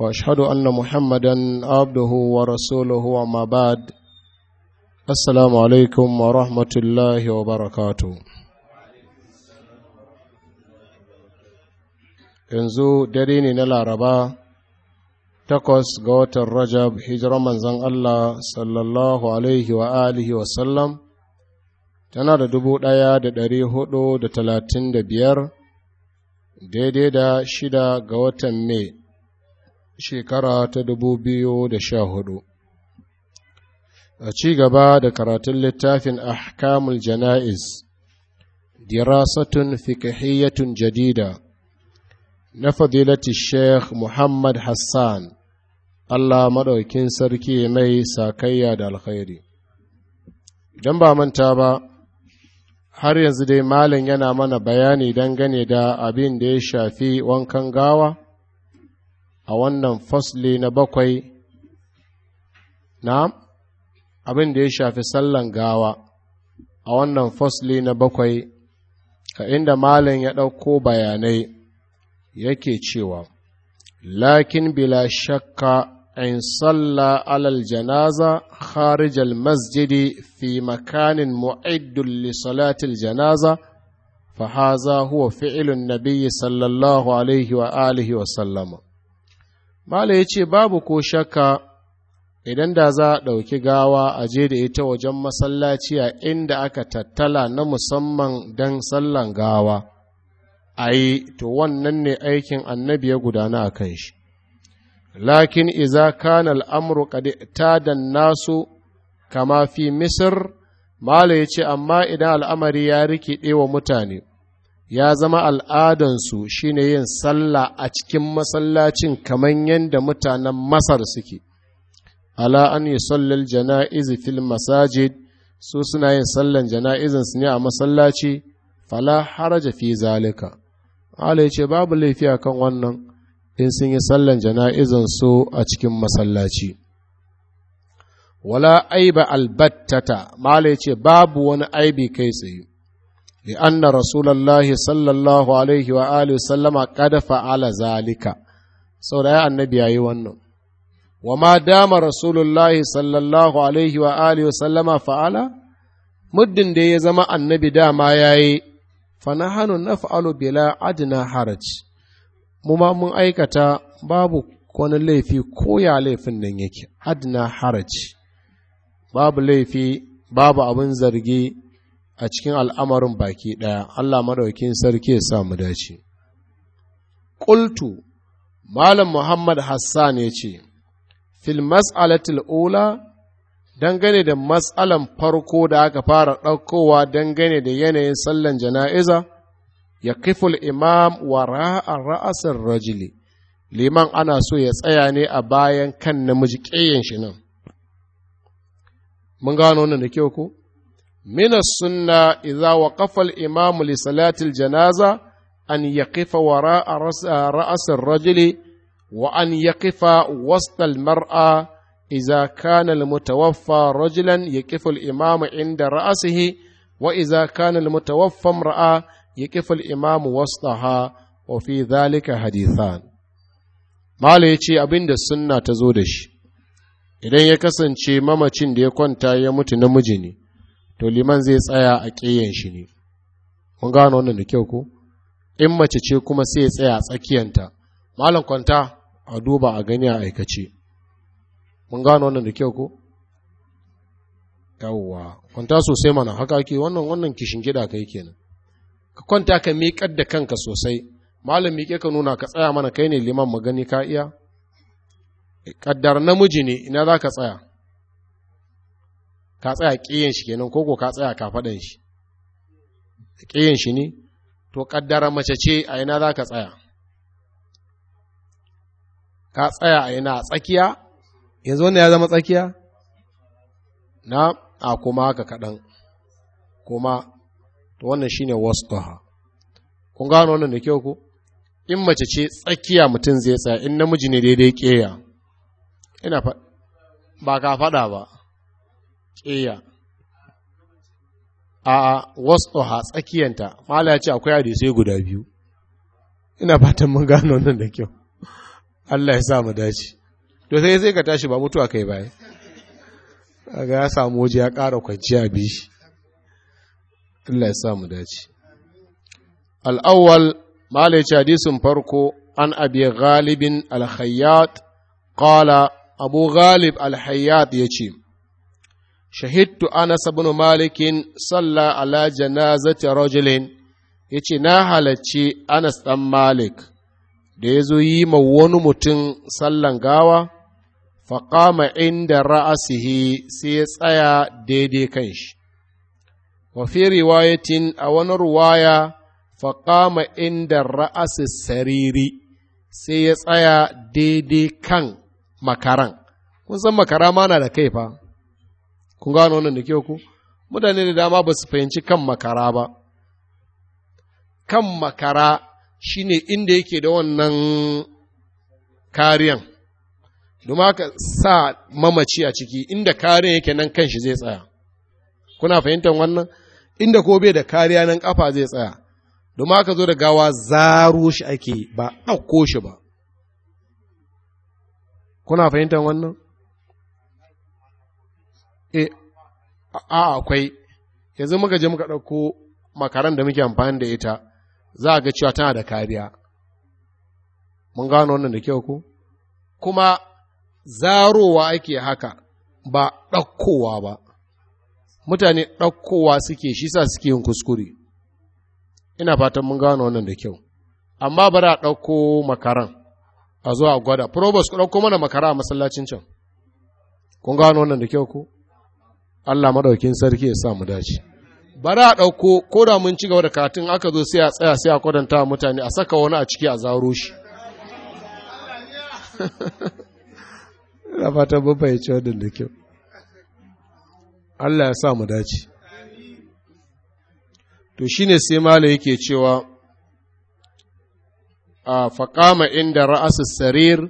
واشهد ان محمدا عبده ورسوله وما بعد السلام عليكم ورحمه الله وبركاته yanzu dare ne na laraba takwas ga watan rajab hijirar manzan allah sallallahu alaihi wa alihi wasallam tana da dubu ɗaya da ɗari hudu da talatin da biyar daidai da shida ga watan mai shekara ta dubu biyu da sha hudu. a ci gaba da karatun littafin ahkamul jana'iz dirasatun fikahiyatun jadida na fadilati sheikh muhammad hassan allah maɗaukin sarki mai sakayya da alkhairi idan ba manta ba har yanzu dai malin yana mana bayani dangane da abin da ya shafi wankan gawa a wannan fasli na bakwai na abin da ya shafi sallan gawa a wannan fasli na bakwai a inda malin ya ɗauko bayanai yake cewa lakin bila shakka in salla alal janaza kharijal masjidi fi makanin mu'iddun li salatil janaza فهذا huwa fi'ilun Nabiyyu صلى الله عليه wa وسلم Mala ya ce babu ko shakka idan da za a ɗauki gawa a je da ita wajen masallaci a inda aka tattala na musamman don sallan gawa, a yi, to wannan ne aikin annabi ya gudana a kan shi. Lakin iza kan al'amuru ta nasu kama fi Misir, Mala ya ce, amma idan al'amari ya rikiɗe wa mutane. ya zama al'adansu shi ne yin salla a cikin masallacin kamar yadda mutanen masar suke ala an yi sallar jana'izi fil masajid su suna yin sallan su ne a masallaci fala haraja fi zalika ala ce babu laifi a kan wannan in sun yi sallan su a cikin masallaci wala aiba albattata ma ce babu wani aibi kai tsaye لأن رسول الله صلى الله عليه وآله وسلم قد فعل ذلك سورة النبي أيوان وما دام رسول الله صلى الله عليه وآله وسلم فعل مدن دي زما النبي دام ياي فنحن نفعل بلا أدنى حرج مما من أيكتا باب كون اللي ليفي كويا ليفن نيكي أدنى حرج باب اللي في باب أبن زرقي a cikin al'amarin baki ɗaya Allah maɗaukin sarki ya sa dace. Ƙultu, Malam Muhammad Hassan ya ce, Fil mas'alatul ula dangane da mas'alan farko da aka fara ɗaukowa dangane da yanayin sallan jana'iza, ya kiful imam wa ra’a ra'asar rajili, liman ana so ya tsaya ne a bayan kan namiji ƙeyen shi nan. Mun gano nan da kyau ko? من السنة إذا وقف الإمام لصلاة الجنازة أن يقف وراء رأس الرجل وأن يقف وسط المرأة إذا كان المتوفى رجلا يقف الإمام عند رأسه وإذا كان المتوفى امرأة يقف الإمام وسطها وفي ذلك حديثان ماليتي أبند السنة تزودش idan ya kasance mamacin da ya kwanta ya mutu namiji ne to liman zai tsaya a ƙiyan shi ne mun gano wannan da kyau ko in mace ce kuma sai ya tsaya a tsakiyanta malam kwanta a duba a gani a aikace mun gano wannan da kyau ko yawwa kwanta sosai mana haka ake wannan wannan kishin gida kai kenan ka kwanta ka miƙar da kanka sosai malam miƙe ka nuna ka tsaya mana kai ne liman magani ka iya kaddar namiji ne ina za ka tsaya ka tsaya ƙiyan shi kenan koko ka tsaya ka faɗan shi ƙiyan shi ne to ƙaddara mace ce a ina za ka tsaya ka tsaya a ina tsakiya yanzu wanda ya zama tsakiya na a kuma haka kaɗan kuma to wannan shi ne wasqaha kun gano wannan da kyau ku in mace ce tsakiya mutum zai tsaya in namiji ne daidai ƙeya. ina ba ka faɗa ba tsaya a wasɗoha tsakiyanta mala ya ce akwai hadisai guda biyu ina fatan mun gano nan da kyau Allah ya sa mu dace to sai sai ka tashi ba mutuwa kai baya kaga ya samu waje ya ƙara kwanciya bi shi Allah ya sa mu dace al-awwal mala ya ce hadisin farko an abi ghalibin al-khayyat qala abu ghalib al-hayyat yace shahidtu anas ibn malikin salla ala janazati rajulin yace na halarci anas dan malik da ya zo yi ma wani mutum sallan gawa faƙama inda ra'asihi ya tsaya daidai kan shi wa fi riwayatin a wani ruwaya faƙama inda ra'asi sariri sai ya tsaya daidai kan makaran kun makara ma na da kai fa kun gano wannan da kyau ku mutane da dama ba su fahimci kan makara ba kan makara shine inda yake da wannan kariyan domin haka sa mamaci a ciki inda kariyan yake nan kan shi zai tsaya kuna fahimtar wannan inda ko bai da kariya nan kafa zai tsaya domin haka zo da gawa zaro shi ake ba ɗauko shi ba kuna fahimtar wannan Eh, a akwai yanzu muka je muka ɗauko makaran da muke amfani da ita za a ga cewa tana da kariya mun gano wannan da kyau ko kuma zarowa ake haka ba ɗaukowa ba mutane ɗaukowa suke shi sa suke yin kuskure ina fatan mun gano wannan da kyau amma bara a ɗauko makaran a zo a gwada probos ku ɗauko mana makara a masallacin can kun gano wannan da kyau ko Allah madaukin sarki ya sa mu dace bari a ɗauko ko da mun ci gaba da katin aka zo sai a tsaya sai a kwadanta mutane a saka wani a ciki a zaro shi Rafata fatan mun fahimci wannan da kyau Allah ya sa mu dace to shi ne sai mala yake cewa a faƙama inda ra'asus sarir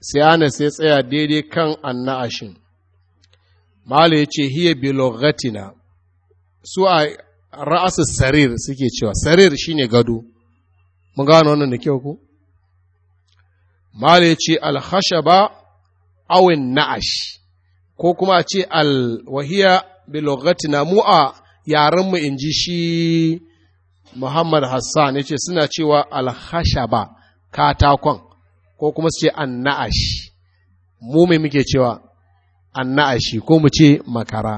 sai ana sai tsaya daidai kan anna'ashin malu ya ce, hiya bilogatina, su a ra'asu sarir suke cewa, sarir shine gado, mun gano wannan da kyau ku malu ya ce, alhashaba awin na'ash, ko kuma a ce alwahiya bilogatina mu a yarenmu in ji shi Muhammad Hassan ya ce suna cewa alhashaba katakon, ko kuma su ce an na'ash, mu mai muke cewa annashi ko mu ce makara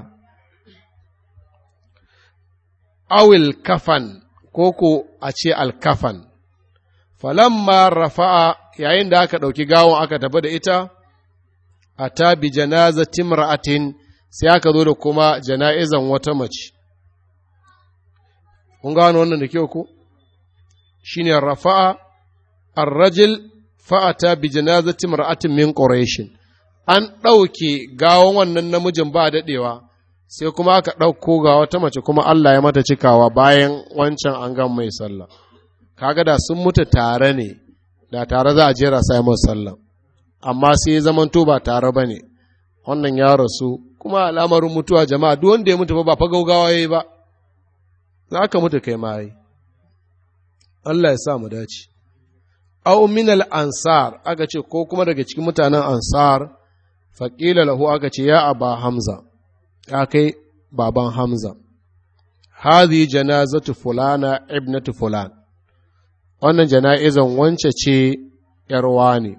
awil kafan ko ko a ce alkafan falamma rafa'a yayin da aka ɗauki gawon aka tafi da ita a tabi janaza timra'atin sai aka zo da kuma jana'izan wata mace kun gano wannan da kyau ko shine rafa'a arrajil fa'ata bi janazati mar'atin min quraishin an ɗauke gawon wannan namijin ba daɗewa sai kuma aka ɗauko ga wata mace kuma Allah ya mata cikawa bayan wancan an gan mai sallah kaga da sun mutu tare ne da tare za a jera sai mai sallah amma sai ya zama to ba tare ba ne wannan ya rasu kuma al'amarin mutuwa jama'a duk wanda ya mutu ba fa gaugawa yayi ba za ka mutu kai ma yi Allah ya sa mu dace aw ansar aka ce ko kuma daga cikin mutanen ansar faƙila lahu aka ce ya aba hamza ya kai baban hamza hazi janazatu fulana ibnatu fulan wannan jana'izan wance ce yarwa ne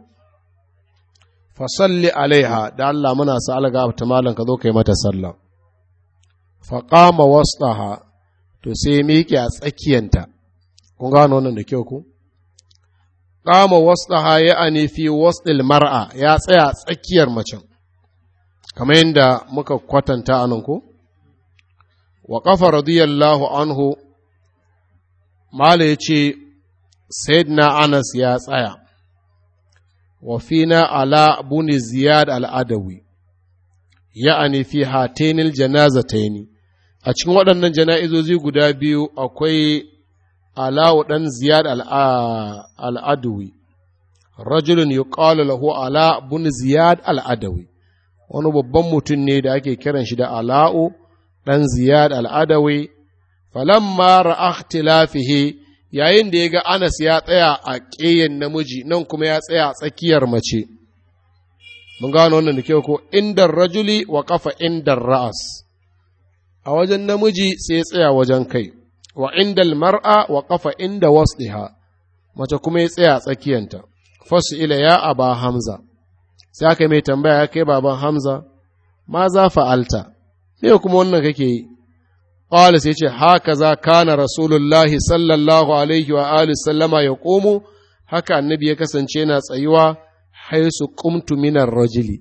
fasalli alaiha da Allah muna sa alga ta malam ka zo kai mata sallah faqama wastaha to sai miƙe a tsakiyanta kun gano wannan da kyau ku qama wastaha ya ani fi wasdil mar'a ya tsaya tsakiyar macen kamar yadda muka kwatanta anan ko wa kafa radiyallahu anhu mala ya ce sayyidina anas ya tsaya wa fina ala buni ziyad al'adawi ya'ani fi hatenil janazataini a cikin waɗannan jana'izozi guda biyu akwai alawu ɗan ziyad al'adawi rajulun yuqalu lahu ala buni ziyad al'adawi wani babban mutum ne da ake kiran shi da ala'u ɗan ziyad al'adawi falamma ra'akhtilafihi yayin da ya ga anas ya tsaya a ƙeyen namiji nan kuma ya tsaya a tsakiyar mace mun gano wannan da kyau ko indar rajuli wa kafa indar ra'as a wajen namiji sai ya tsaya wajen kai wa indal mar'a wa kafa inda wasliha mace kuma ya tsaya a tsakiyanta fasu ila ya aba hamza sai aka mai tambaya ya kai baban hamza ma za fa'alta me kuma wannan kake yi qala sai ce haka za kana rasulullahi sallallahu alaihi wa alihi sallama ya komo haka annabi ya kasance yana tsayuwa haisu qumtu minar rajuli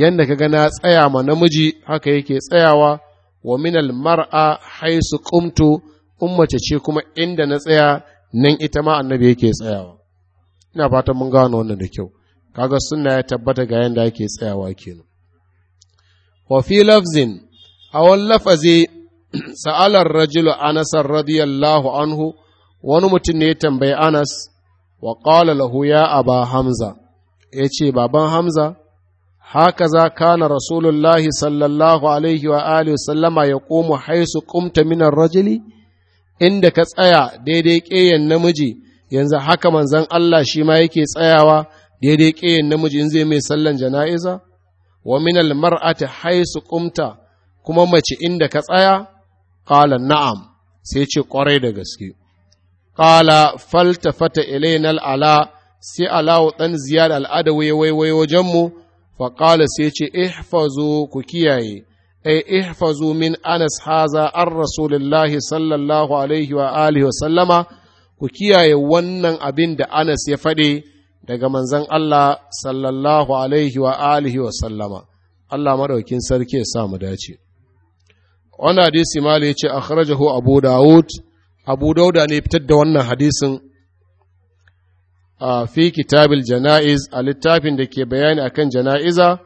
yanda kaga na tsaya ma namiji haka yake tsayawa wa minal mar'a haisu qumtu ummace ce kuma inda na tsaya nan ita ma annabi yake tsayawa ina fatan mun gano wannan da kyau kaga sunna ya tabbata ga yanda ake tsayawa kenan wa fi lafzin a wani lafazi sa'alar rajulu anasar radiyallahu anhu wani mutum ne ya tambayi anas wa qala lahu ya aba hamza ya ce baban hamza haka za kana rasulullahi sallallahu alaihi wa alihi sallama ya komo haisu kumta minar rajuli inda ka tsaya daidai ƙeyan namiji yanzu haka manzan Allah shi ma yake tsayawa daidai ƙiyin namiji in zai mai sallan jana'iza wa min ta haisu ƙumta kuma mace inda ka tsaya Ƙala na'am sai ce ƙwarai da gaske Ƙala qala faltafata na ala sai alawu ɗan ziyar al'ada ya wajenmu fa ƙala sai ce ihfazu ku kiyaye ai ihfazu min anas haza an rasulillahi sallallahu alaihi wa wa sallama ku kiyaye wannan abin da anas ya faɗe daga manzan Allah sallallahu alaihi wa alihi wa sallama Allah maɗaukin sarki ya sa dace Wani hadisi mali ya ce akhrajahu abu dawud abu dauda ne fitar da wannan hadisin a fi kitabil jana'iz a littafin da ke bayani a kan jana'iza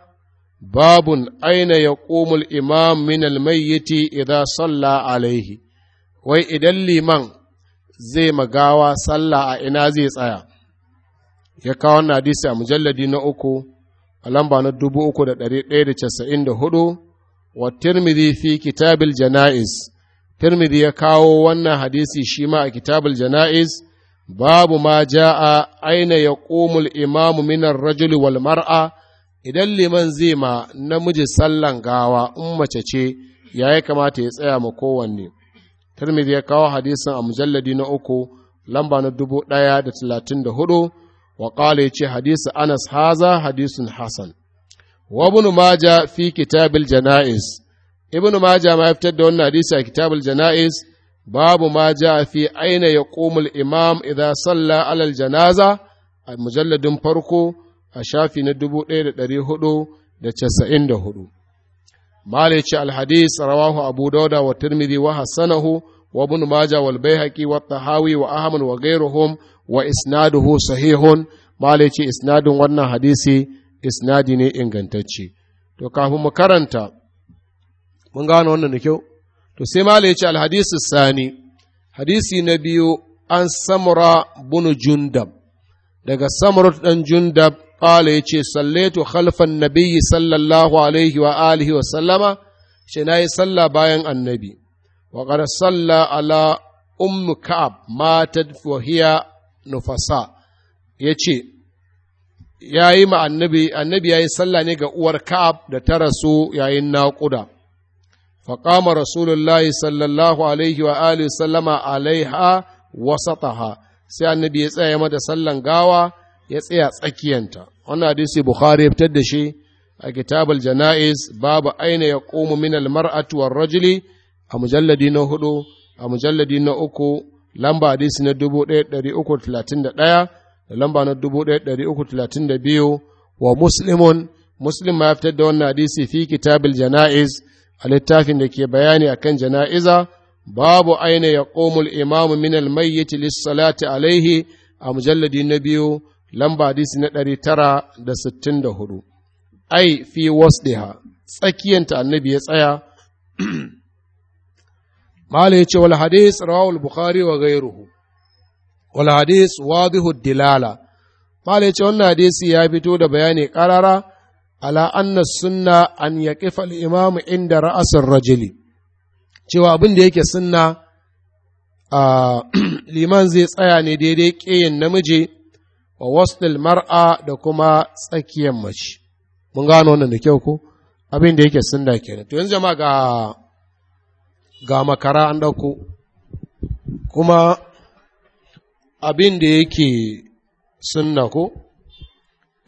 babun aina ya ƙumul imam min almayyiti idan salla alaihi wai idan liman zai magawa salla a ina zai tsaya ya kawo wannan hadisi a mujalladi na uku a lamba na dubu uku da da da casa'in hudu wa tirmidhi fi kitabil janaiz tirmidhi ya kawo wannan hadisi shi ma a kitabul janaiz babu ma ja'a aina ya al-imamu minar rajuli wal mar'a idan liman zai ma namiji sallan gawa in mace ce ya yi kamata ya tsaya ma kowanne tirmidhi ya kawo hadisin a mujalladi na uku lamba na dubu ɗaya da talatin da hudu wa qala yace hadisi Anas haza hadisun Hassan. wa ibn maja fi kitabil janaiz ibn maja ma da wannan hadisi a kitabul janaiz babu ma ja fi aina yaqumul imam idza salla ala al janaza a mujalladin farko a shafi na 1494 malici alhadis rawahu abu dauda wa tirmidhi wa Hassanahu. wa ibn majah wal baihaqi wa tahawi wa ahmad wa ghayruhum wa isnaduhu sahihun malai ce isnadin wannan hadisi isnadi ne ingantacce to kafin mu karanta mun gano wannan da kyau to sai malai ya ce alhadisi sani hadisi na biyu an samura bunu jundab daga samura dan jundab qala yace sallaitu khalfan nabiyyi sallallahu alaihi wa alihi wa sallama shi nayi sallah bayan annabi wa qara salla ala ummu ka'ab matat wa hiya nufasa ya ce ya yi ma annabi ya yi sallah ne ga uwar ka'ab da ta rasu yayin naƙuda faƙama rasulullahi sallallahu alaihi wa alihi sallama alaiha wasataha sai annabi ya tsaya mata sallan gawa ya tsaya tsakiyanta wannan hadisi bukhari ya fitar da shi a kitabul jana'iz babu aina ya ƙomu min almar'atu war rajuli a mujalladi na hudu a mujalladi na uku lamba hadisi na 1331 da lamba na 1332 wa muslimun muslim ma ya fitar da wannan hadisi fi kitabil jana'iz a littafin da ke bayani akan jana'iza babu aina ya ƙomul imamu min almayyit lissalati alaihi a mujalladi na biyu lamba hadisi na 964 ai fi wasdiha tsakiyanta annabi ya tsaya mala yace wal hadith rawahul bukhari wa ghayruhu wal hadith wadihu dilala mala yace wannan hadisi ya fito da bayani karara ala anna sunna an yaqifa al imam inda ra'asir rajuli cewa abin da yake sunna liman zai tsaya ne daidai ƙeyin namiji wa wasnil mar'a da kuma tsakiyar mace mun gano wannan da kyau ko abin da yake sunna kenan to yanzu jama'a ga ga makara an ɗauko kuma abin da yake sunna ko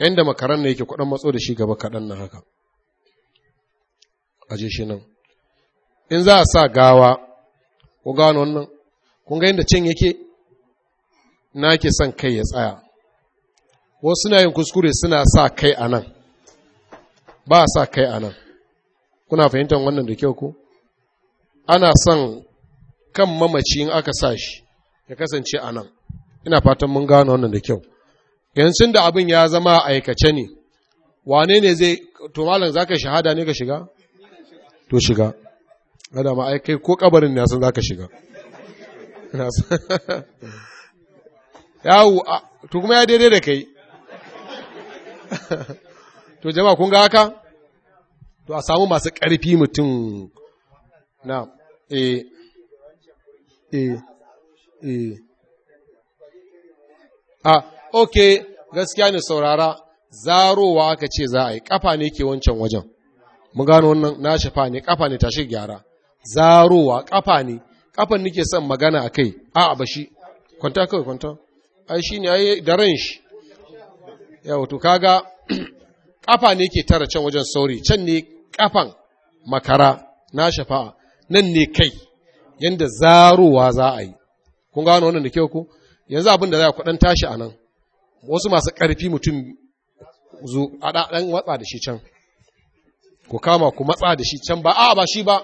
inda makaran ne yake kuɗin matso da shi gaba kaɗan na haka a shi nan in za a sa gawa ko gano wannan kun ga inda cin yake na ke son kai ya tsaya wasu suna yin kuskure suna sa kai a nan ba sa kai a nan kuna fahimtar wannan da kyau ko ana son kan mamaci in aka sa shi ya kasance a nan ina fatan mun gano wannan da kyau yancin da abin ya zama aikace ne wane ne zai to malam ka shahada ne ka shiga to shiga ada ma ai kai ko kabarin ne san ka shiga yawo to kuma ya daidai da kai to jama'a kun ga haka to a samu masu ƙarfi mutum na eh eh eh ah ok gaskiya ne saurara zarowa aka ce za a yi kafa ne ke wancan wajen mun gano wannan na shafa ne kafa ne tashi gyara zarowa kafa ne kafan nake son magana a kai a ba shi kwanta kawai kwanta ai shi ne ai da ran shi yau to kaga kafa ne ke tara can wajen sauri can ne kafan makara na shafa'a nan ne kai yadda zarowa za a yi kun gano wannan da kyau ku yanzu abin da za ku kudan tashi a nan wasu masu ƙarfi mutum zo a ɗan watsa da shi can ku kama ku matsa da shi can ba a ba shi ba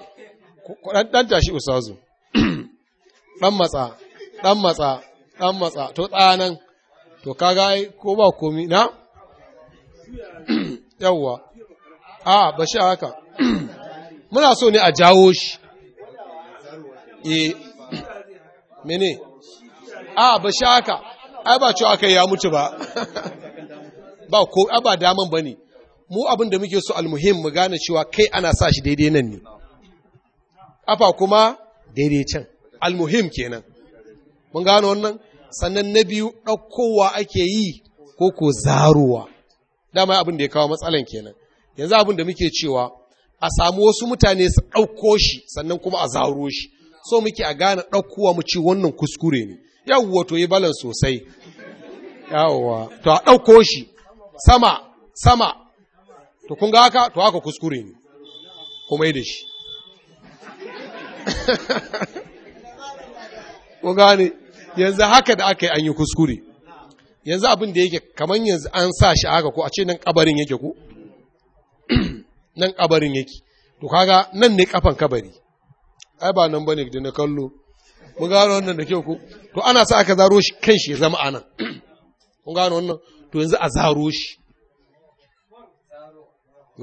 ku ɗan tashi usazu ɗan matsa ɗan matsa ɗan matsa to tsanan to kaga ai ko ba komi na yawwa a ba shi haka muna so ne a jawo shi eh mene a ba shi haka ai ba cewa kai ya mutu ba ba ko ba daman bane mu abin da muke so almuhim mu gane cewa kai ana sa shi daidai nan ne afa kuma daidai can almuhim kenan mun gano wannan sannan na biyu ɗaukowa ake yi ko ko zaruwa dama abin da ya kawo matsalan kenan yanzu abin da muke cewa a samu wasu mutane su ɗauko shi sannan kuma a zaro shi so muke a gane ɗaukowa mu ci wannan kuskure ne yawwa to yi balan sosai yawwa to a ɗauko shi sama sama to kun ga haka to haka kuskure ne kuma yi da shi kun gane yanzu haka da aka yi an yi kuskure yanzu abin da yake kamar yanzu an sa shi a haka ko a ce nan kabarin yake ko nan kabarin yake to kaga nan ne kafan kabari ai ba nan bane na kallo mun gano wannan da kyau ko to ana sa aka zaro shi kan shi ya zama anan Mun gano wannan to yanzu a zaro shi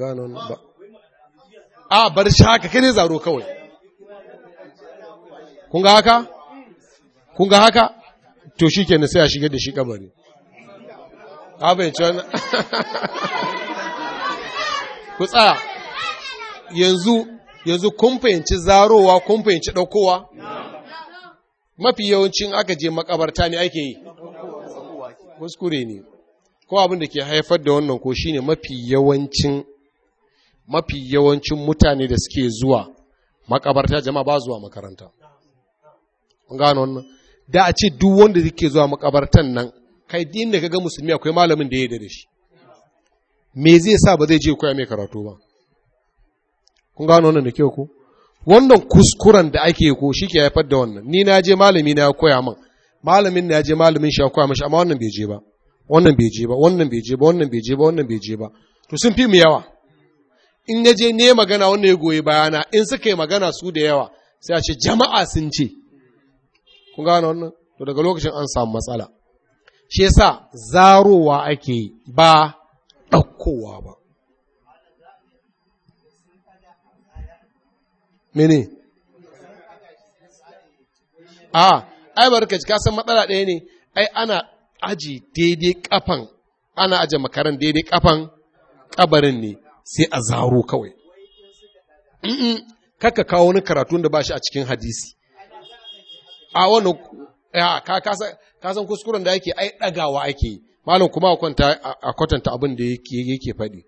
gano wannan ba a bar shi haka kai ne zaro kawai kun ga haka kun ga haka to shi ke sai a shige da shi kabari a bayanci wannan ku tsaya yanzu yanzu kun fahimci zarowa kun fahimci ɗaukowa? Mafi yawancin aka je makabarta ne ake yi, kuskure ne, ko abin da ke haifar da wannan ko shine mafi yawancin mafi yawancin mutane da suke zuwa makabarta jama'a ba zuwa makaranta. Kun gano wannan? Da a ce duk wanda suke zuwa makabartan nan, kai din da kaga musulmi akwai malamin da ya yi da shi. Me zai sa ba zai je koya mai karatu ba? kun gano wannan da kyau ko wannan kuskuren da ake ko shi ke haifar da wannan ni na je malami na ya koya min malamin na ya je malamin shi ya koya mashi amma wannan bai je ba wannan bai je ba wannan bai je ba wannan bai je ba wannan bai je ba to sun fi mu yawa in ya je ne magana wannan ya goyi bayana in suka yi magana su da yawa sai a ce jama'a sun ce kun gano wannan to daga lokacin an samu matsala shi yasa zarowa ake yi ba ɗaukowa ba mene a ai barka ka san matsala ɗaya ne ai ana aji daidai kafan ana aje makaran daidai kafan kabarin ne sai a zaro kawai kaka kawo wani karatu da ba shi a cikin hadisi a wani ka san kuskuren da yake ai ɗagawa ake yi malam kuma a kwatanta abin da yake faɗi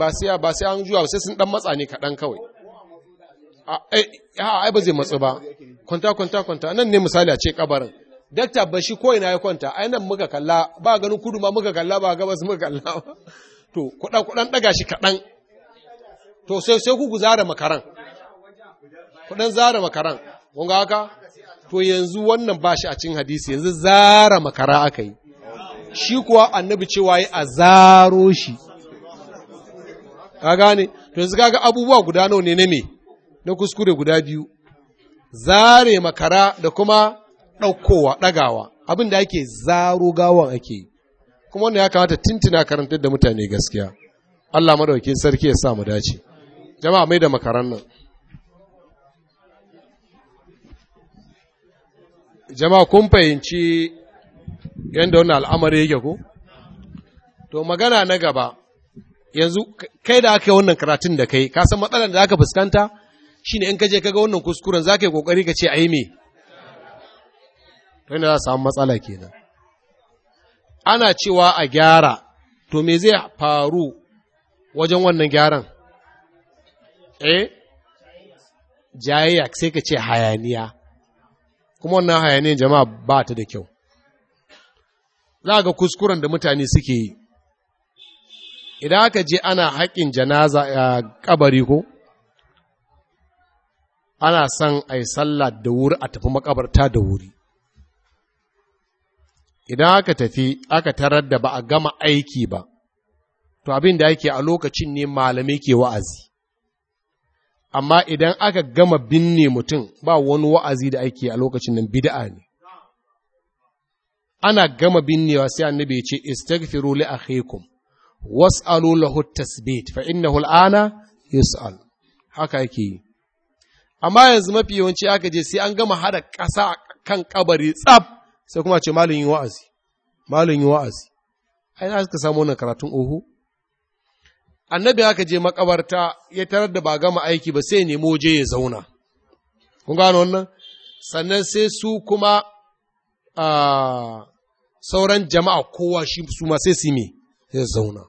ba sai an juwa sai sun ɗan matsa ne kaɗan kawai ai ba zai matsu ba kwanta kwanta kwanta nan ne misali a ce kabarin dakta ba shi ko ina ya kwanta ai nan muka kalla ba ganin kudu ma muka kalla ba gabas muka kalla ba to kudan kudan daga shi kadan to sai sai ku zara makaran kudan zara makaran kun ga haka to yanzu wannan ba shi a cikin hadisi yanzu zara makara aka yi shi kuwa annabi cewa yi a zaro shi ka gane to yanzu kaga abubuwa guda nawa ne na me na kuskure guda biyu zare makara da kuma ɗaukowa ɗagawa abin da ake zaro gawan ake yi kuma wannan ya kamata tintina karantar da mutane gaskiya Allah madauki sarki ya sa mu dace jama'a mai da makaran nan jama'a kun fahimci yadda wannan al'amari yake ko to magana na gaba yanzu kai da aka yi wannan karatun da kai ka san matsalar da aka fuskanta shine in ka je kaga wannan kuskuren za ka yi kokari ka ce ai me wanda za samu matsala kenan ana cewa a gyara to me zai faru wajen wannan gyaran eh jayayya sai ka ce hayaniya kuma wannan hayaniyan jama'a ba ta da kyau za ga kuskuren da mutane suke yi idan aka je ana haƙin janaza a eh, kabari ko ana son a yi sallah da wuri a tafi makabarta da wuri idan aka tafi aka tarar da ba a gama aiki ba to abin da yake a lokacin ne malamai ke wa'azi amma idan aka gama binne mutum ba wani wa'azi da ake a lokacin nan bid'a ne ana gama binnewa sai annabi ya ce istaghfiru li akhikum was'alu lahu tasbit fa innahu al'ana yus'al haka yake yi amma yanzu mafi yawanci aka je sai an gama hada ƙasa kan kabari tsab sai kuma ce malin yi wa'azi malin yi wa'azi ai na suka samu wannan karatun oho annabi aka je makabarta ya tarar da ba gama aiki ba sai nemo je ya zauna kun gano wannan sannan sai su kuma sauran jama'a kowa shi su ma sai su me sai zauna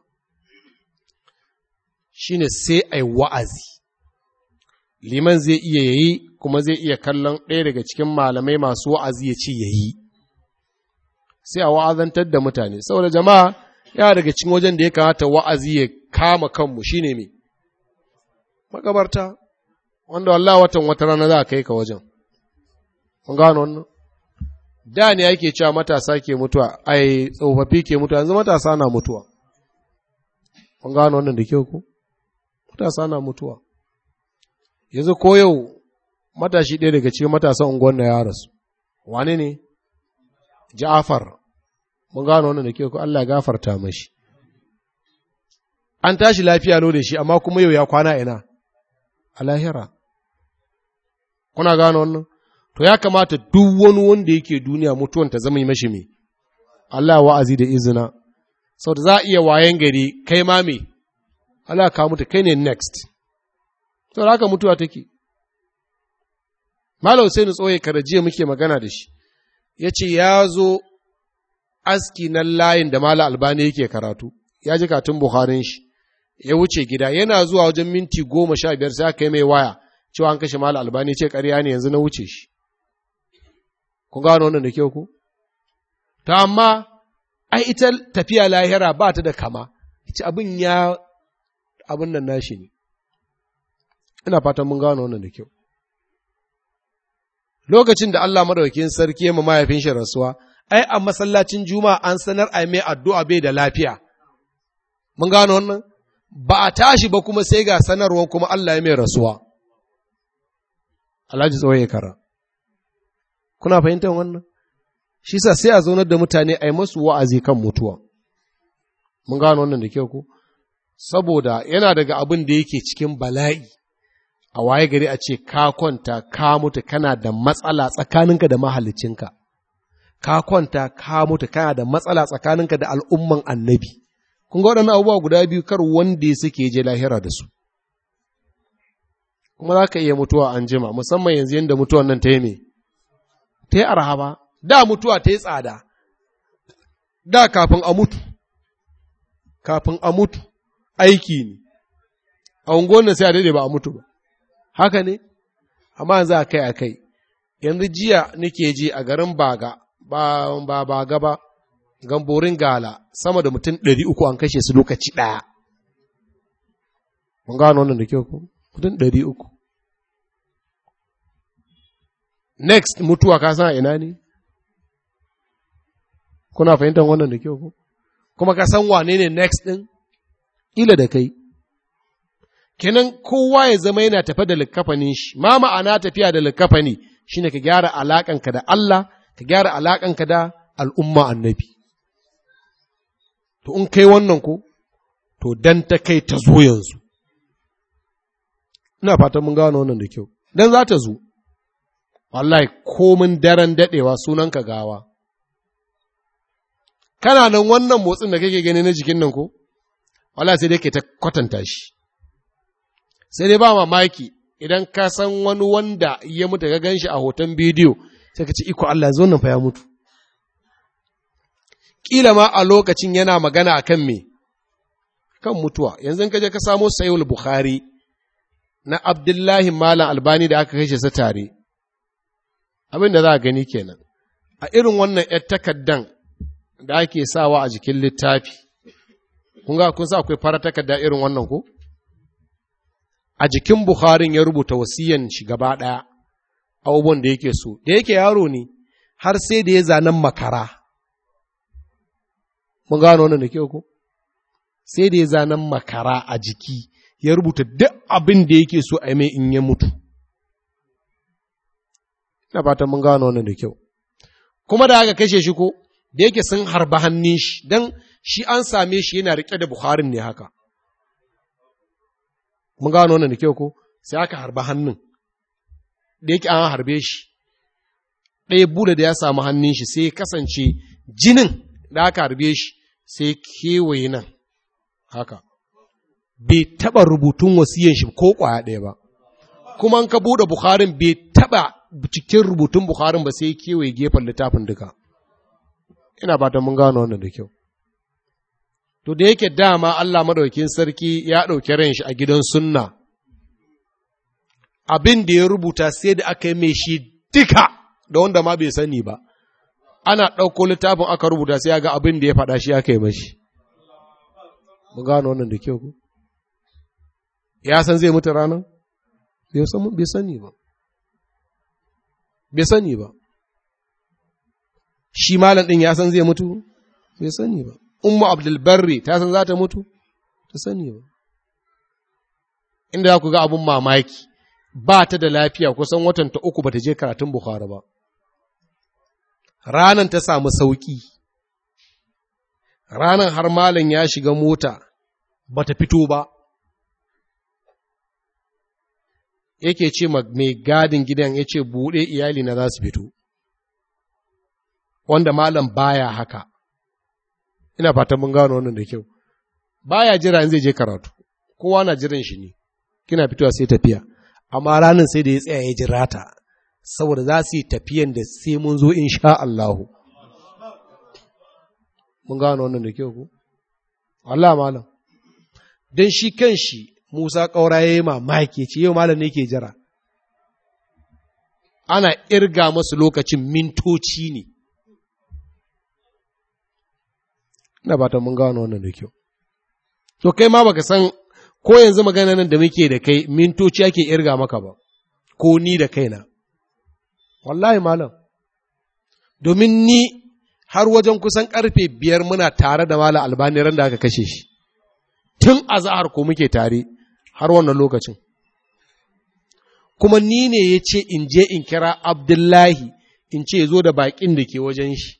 shine sai ai wa'azi liman zai iya yayi kuma zai iya kallon ɗaya daga cikin malamai masu wa'azi ya ce yayi sai a wa'azantar da mutane saboda jama'a ya daga cikin wajen da ya kamata wa'azi ya kama kanmu shine me makabarta wanda wallahi watan wata rana za a kai ka wajen kun gano wannan da ne ake cewa matasa ke mutuwa ai tsofaffi ke mutuwa yanzu matasa na mutuwa kun gano wannan da kyau ko matasa na mutuwa yanzu ko yau matashi ɗaya daga cikin matasa unguwar na ya rasu wani ne ja'afar mun gano wannan da ke ku Allah gafarta mashi an tashi lafiya lo da shi amma kuma yau ya kwana ina a lahira kuna gano wannan to ya kamata duk wani wanda yake duniya mutuwan ta zama mashi me Allah wa'azi da izina sau da za a iya wayan gari kai ma me Allah ka mutu kai ne next saboda haka mutuwa take Malam Hussein tsoye kada jiya muke magana da shi ya ce ya zo aski na layin da Malam Albani yake karatu ya ji katin Buharin shi ya wuce gida yana zuwa wajen minti goma sha biyar sai aka yi mai waya cewa an kashe Malam Albani ce ƙarya ne yanzu na wuce shi kun gano wannan da kyau ku ta amma ai ita tafiya lahira ba ta da kama ita abin nan nashi ne ina fatan mun gano wannan da kyau lokacin da Allah madaukakin sarki ya mahaifin shi rasuwa ai a masallacin juma'a an sanar a mai addu'a bai da lafiya mun gano wannan ba a tashi ba kuma sai ga sanarwa kuma Allah ya mai rasuwa Alhaji tsoye kara kuna fahimtar wannan shi sa sai a zaunar da mutane a yi masu wa'azi kan mutuwa mun gano wannan da kyau ko saboda yana daga abin da yake cikin bala'i a waye gari a ce ka kwanta ka mutu kana da matsala tsakaninka da mahallicinka ka kwanta ka mutu kana da matsala tsakaninka da al'umman annabi kun ga waɗannan abubuwa guda biyu kar wanda suke je lahira da su kuma za ka iya mutuwa an jima musamman yanzu yadda mutuwan nan ta yi me ta yi arhaba da mutuwa ta yi tsada da kafin a mutu kafin a mutu aiki ne a unguwan sai a daidai ba a mutu ba haka ne amma za a kai a kai yanzu jiya nake ji a garin baga ba ba baga ba gamborin gala sama da mutum ɗari uku an kashe su lokaci ɗaya mun gano wannan da kyau ko mutum ɗari uku next mutuwa ka san ina ne kuna fahimtar wannan da kyau ko kuma ka san wane ne next ɗin ila da kai kenan kowa ya zama yana tafe da likkafanin shi ma ma'ana tafiya da likkafani shine ka gyara alakanka da Allah ka gyara alaƙanka da al'umma annabi to in kai wannan ko to dan ta kai ta zo yanzu ina fatan mun gano wannan da kyau dan za ta zo wallahi komin daren dadewa sunan ka gawa kana nan wannan motsin da kake gani na jikin nan ko wallahi sai dai ke ta kwatanta shi sai dai ba mamaki idan ka san wani wanda ya mutu ka ganshi a hoton bidiyo sai ka ci iko Allah zo nan fa ya mutu kila ma a lokacin yana magana akan me kan mutuwa yanzu ka je ka samo sayyul bukhari na abdullahi malam albani da aka kashe sa tare abin da za a gani kenan a irin wannan ‘yar takaddan da ake sawa a jikin littafi, kun ga kun sa akwai fara takarda irin wannan ko? a jikin Bukharin ya rubuta wasiyan shi gaba ɗaya abubuwan da yake so, da yake yaro ne har sai da ya zanen makara. Mun gano wannan da kyau ko? Sai da ya zanen makara a jiki ya rubuta duk abin da yake so a mai in ya mutu. Na fata mun gano wannan da kyau. Kuma da aka kashe shi ko, da yake sun harba hannun shi, don shi an same shi yana riƙe da Bukharin ne haka. mun gano wannan da kyau ko sai aka harba hannun da yake an harbe shi ɗaya bude da ya samu hannun shi sai kasance jinin da aka harbe shi sai kewaye nan haka bai taɓa rubutun wasiyan shi ko kwaya ɗaya ba kuma an ka buɗe bukharin bai taɓa cikin rubutun bukharin ba sai kewaye gefen littafin duka ina ba ta mun gano wannan da kyau to da yake dama Allah maɗaukin sarki ya ɗauki ran shi a gidan sunna abin da ya rubuta sai da aka yi mai shi duka da wanda ma bai sani ba ana ɗauko littafin aka rubuta sai ga abin da ya faɗa shi aka yi mashi mu gano wannan da kyau ku ya san zai mutu ranar bai san bai sani ba bai sani ba shi malam ɗin ya san zai mutu bai sani ba umma abdulbarri ta san za ta mutu ta sani ba inda ku ga abun mamaki ba ta da lafiya kusan watan ta uku ba ta je karatun bukhari ba ranan ta samu sauƙi ranan har malam ya shiga mota ba ta fito ba yake ce mai gadin gidan ya ce buɗe iyali na za su fito wanda malam baya haka ina fatan mun gano wannan da kyau baya jira in zai je karatu kowa na jiran shi ne kina fitowa sai tafiya amma ranar sai da ya tsaya ya jira ta saboda za su yi tafiyan da sai mun zo insha Allahu mun gano wannan da kyau ko Allah malam dan shi kan shi Musa kaura ya yi mamaki ce yau malam ne ke jira ana irga masu lokacin mintoci ne ina fata mun gano wannan da kyau to kai ma baka san ko yanzu magana nan da muke da kai mintoci ake irga maka ba ko ni da kaina wallahi malam domin ni har wajen kusan karfe biyar muna tare da malam albani ran da aka kashe shi tun azahar ko muke tare har wannan lokacin kuma ni ne ya ce in je in kira abdullahi in ce zo da baƙin da ke wajen shi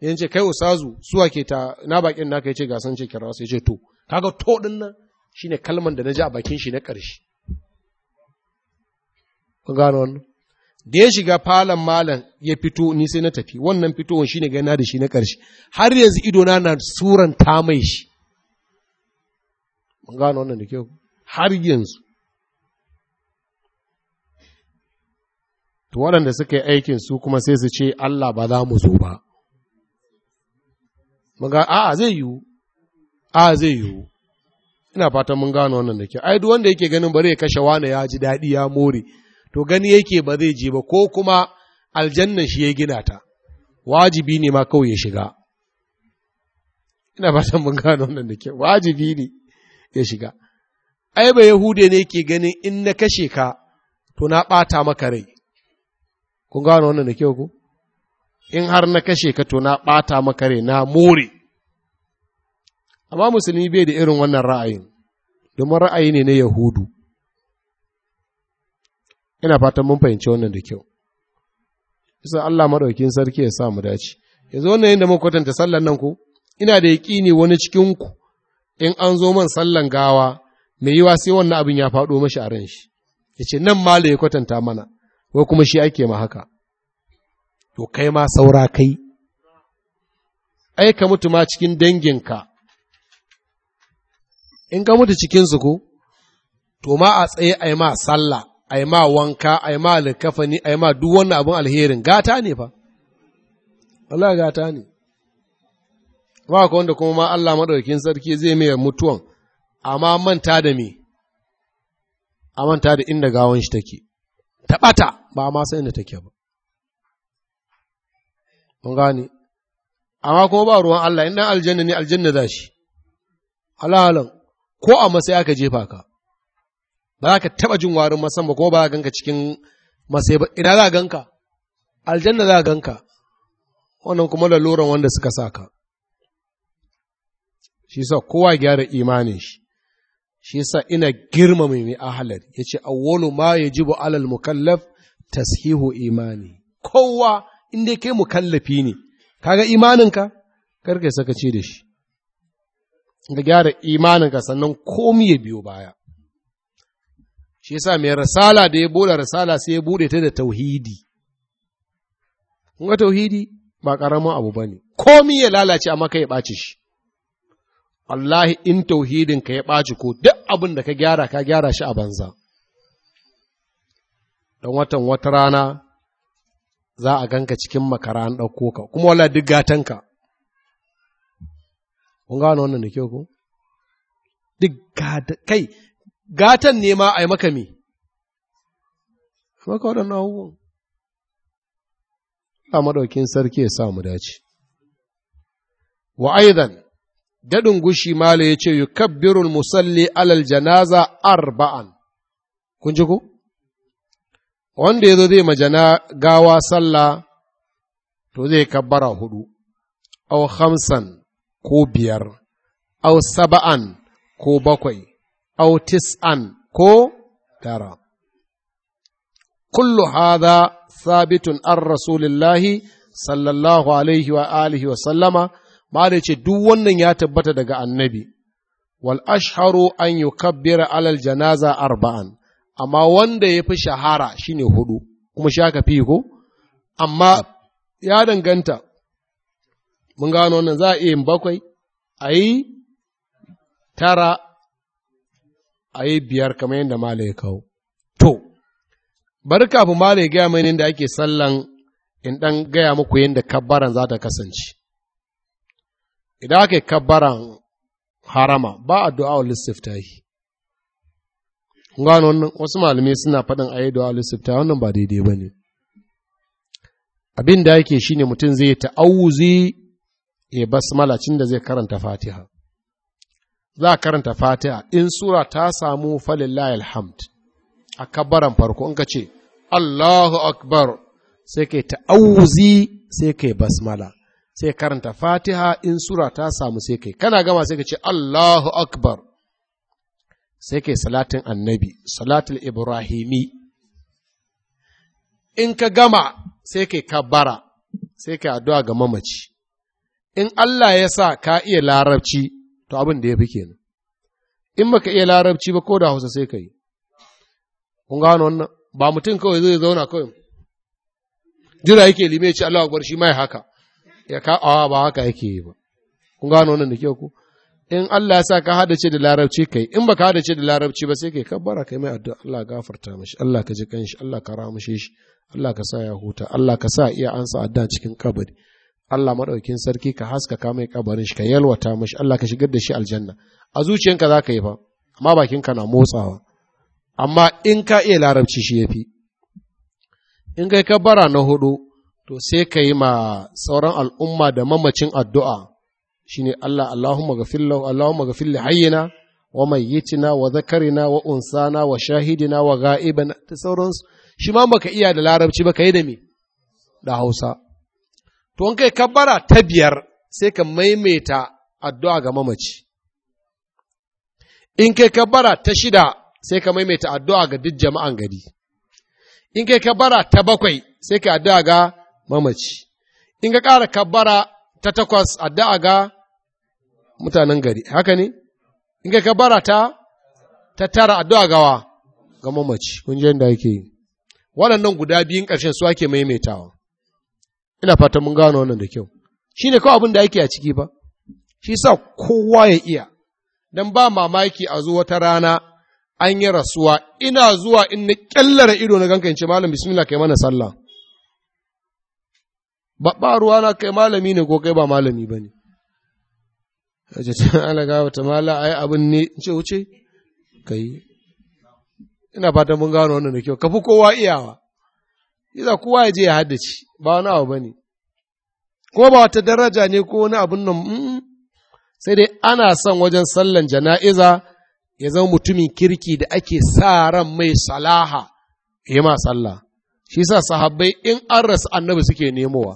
in ce kai usazu suwa ke ta na bakin naka yace ga san ce kira sai ce to kaga to din nan shine kalman da na ji a bakin shi na karshe. ku gano wannan da ya shiga falon malam ya fito ni sai na tafi wannan fitowar shine gana da shi na karshe har yanzu idona na suran ta mai shi mun gano wannan da ke har yanzu to waɗanda suka yi aikin su kuma sai su ce Allah ba za mu zo ba Maga, a zai yiwu, a zai yiwu. Ina fatan mun gano wannan da ke, ai, duk wanda yake ganin bare ya kashe wane ya ji daɗi ya more, to gani yake ba zai je ba, ko kuma aljannan shi ya gina ta, wajibi ne ma kawai ya shiga. Ina fatan mun gano wannan da ke, wajibi ne ya shiga. Ai, ba Yahude ne ke ganin in na kashe ka, to na ɓata maka rai. Kun gano wannan da kyau ku? in har na kashe ka to na ɓata maka rai na more amma musulmi bai da irin wannan ra'ayin domin ra'ayi ne na yahudu ina fatan mun fahimci wannan da kyau isa Allah maɗaukin sarki ya sa mu dace yanzu wannan da muka kwatanta sallan nan ko ina da yaƙini wani cikin ku in an zo man sallan gawa mai yiwa sai wannan abin ya faɗo mashi a ran shi yace nan ma ya kwatanta mana wai kuma shi ake ma haka to kai ma saura kai, ai ka mutu ma cikin danginka, in ka mutu cikinsu ko, to ma a tsaye ai ma sallah, ai ma wanka, ai ma alkafani, ai ma duk wannan abin alherin gata ne fa, Allah gata ne. Ba ka wanda kuma ma Allah maɗaukin sarki zai mai mutuwan, amma manta da me, a manta da inda gawon shi take, taɓata ba ma san inda take ba. Mun gane, amma kuma ba ruwan Allah, in dan aljanna ne aljanna za shi, alhalin ko a matsayi aka jefa ka, ba za ka taɓa jin warin masan ba ko ba za ganka cikin matsayi ba, ina za ganka, aljanna za ganka, wannan kuma laluran wanda suka sa ka. Shi sa kowa gyara imanin shi. shi yasa ina girmama mai ahalar ce awwalu ma yajibu alal mukallaf tashihu imani kowa in dai kai mukallafi ne kaga imaninka kar saka ce da shi ga gyara imaninka sannan komi ya biyo baya shi yasa mai rasala da ya bude rasala sai ya bude ta da tauhidi Kunga tauhidi ba ƙaramin abu ba ne. komi ya lalace amma kai ya ɓaci shi wallahi in tauhidinka ya ɓaci ko duk abin da ka gyara ka gyara shi a banza don watan wata rana za a ganka cikin makara an ɗauko ka kuma wala duk gatanka kun gano wannan da kyau ko duk gata kai gatan ne ma a yi maka me maka waɗannan abubuwan Allah maɗaukin sarki ya sa mu dace wa aidan daɗin gushi mala ya ce yukabbirul musalli alal janaza arba'an kun ji ku wanda ya zo zai majana gawa sallah to zai kabbara hudu, au hamsan ko biyar, au saba'an ko bakwai, au tis'an ko tara. Kullu hada sabitun an Rasulillahi sallallahu alaihi wa alihi wa sallama, ma da ce duk wannan ya tabbata daga annabi, wal ashharu an yukabbira alal janaza arba'an. amma wanda ya fi shahara shine hudu kuma shi aka fi ko amma ya danganta mun gano wannan za a iya yin bakwai a yi tara a yi biyar kamar yadda mala ya kawo to bari kafin mala ya gaya mai da ake sallan in dan gaya muku yadda kabbaran za ta kasance idan aka yi kabbaran harama ba addu'a wa yi. gano wannan wasu malamai suna faɗin a yadda alisifta wannan ba daidai ba ne abin da yake ne mutum zai ta'auzi ya basmala malacin da zai karanta fatiha za a karanta fatiha in sura ta samu falillahi hamd a kabaran farko in ka ce Allahu akbar sai kai ta'auzi sai kai basmala sai karanta fatiha in sura ta samu sai kai kana gama sai ka ce Allahu akbar sai kai salatin annabi salatul ibrahimi in ka gama sai kai kabbara sai kai addu'a ga mamaci in Allah ya sa ka iya larabci to abin da ya fi kenan in baka iya larabci ba ko da hausa sai ka yi kun gano wannan ba mutum kawai zai zauna kawai jira yake limeci Allah ya bar shi mai haka ya ka awa ba haka yake yi ba kun gano wannan da kyau ko in Allah ya sa ka hadace da larabci kai in baka hadace da larabci ba sai kai kabbara kai mai addu'a Allah gafarta mishi Allah ka ji kanshi Allah ka ramushe shi Allah ka sa ya huta Allah ka sa iya ansa adda cikin kabari Allah madaukin sarki ka haska haskaka mai kabarin shi ka yalwata mishi Allah ka shigar da shi aljanna a zuciyanka za ka yi fa amma bakinka na motsawa amma in ka iya larabci shi yafi in kai kabbara na hudu to sai ka yi ma sauran al'umma da mamacin addu'a shine Allah Allahumma ghafir lahu Allahumma ghafir li hayyina wa mayyitina wa zakarina wa unsana wa shahidina wa ga'ibana ta sauransu shi ma baka iya da larabci ba yi da me da Hausa to in kai kabbara ta biyar sai ka maimaita addu'a ga mamaci in kai kabbara ta shida sai ka maimaita addu'a ga duk jama'an gari in kai kabbara ta bakwai sai ka addu'a ga mamaci in ka ƙara kabbara ta takwas addu'a ga mutanen gari haka ne in ka bara ta ta tara addu'a gawa ga mamaci kun ji inda ake yi waɗannan guda biyun ƙarshen su ake maimaitawa ina fatan mun gano wannan da kyau shine kawai abin da ake a ciki ba shi sa kowa ya iya dan ba mamaki a zuwa wata rana an yi rasuwa ina zuwa in na kyallara ido na ganka in ce malam bismillah kai mana sallah ba ba ruwa na kai malami ne ko kai ba malami bane a ce can alaga ta mala yi abin ne in ce wuce ka yi ina fatan mun gano wannan da kyau ka fi kowa iyawa iza kowa ya je ya haddace ba wani abu ba ne ko ba wata daraja ne ko wani abin nan sai dai ana son wajen sallan jana'iza ya zama mutumin kirki da ake sa ran mai salaha ya ma sallah shi sa sahabbai in an rasa annabi suke nemowa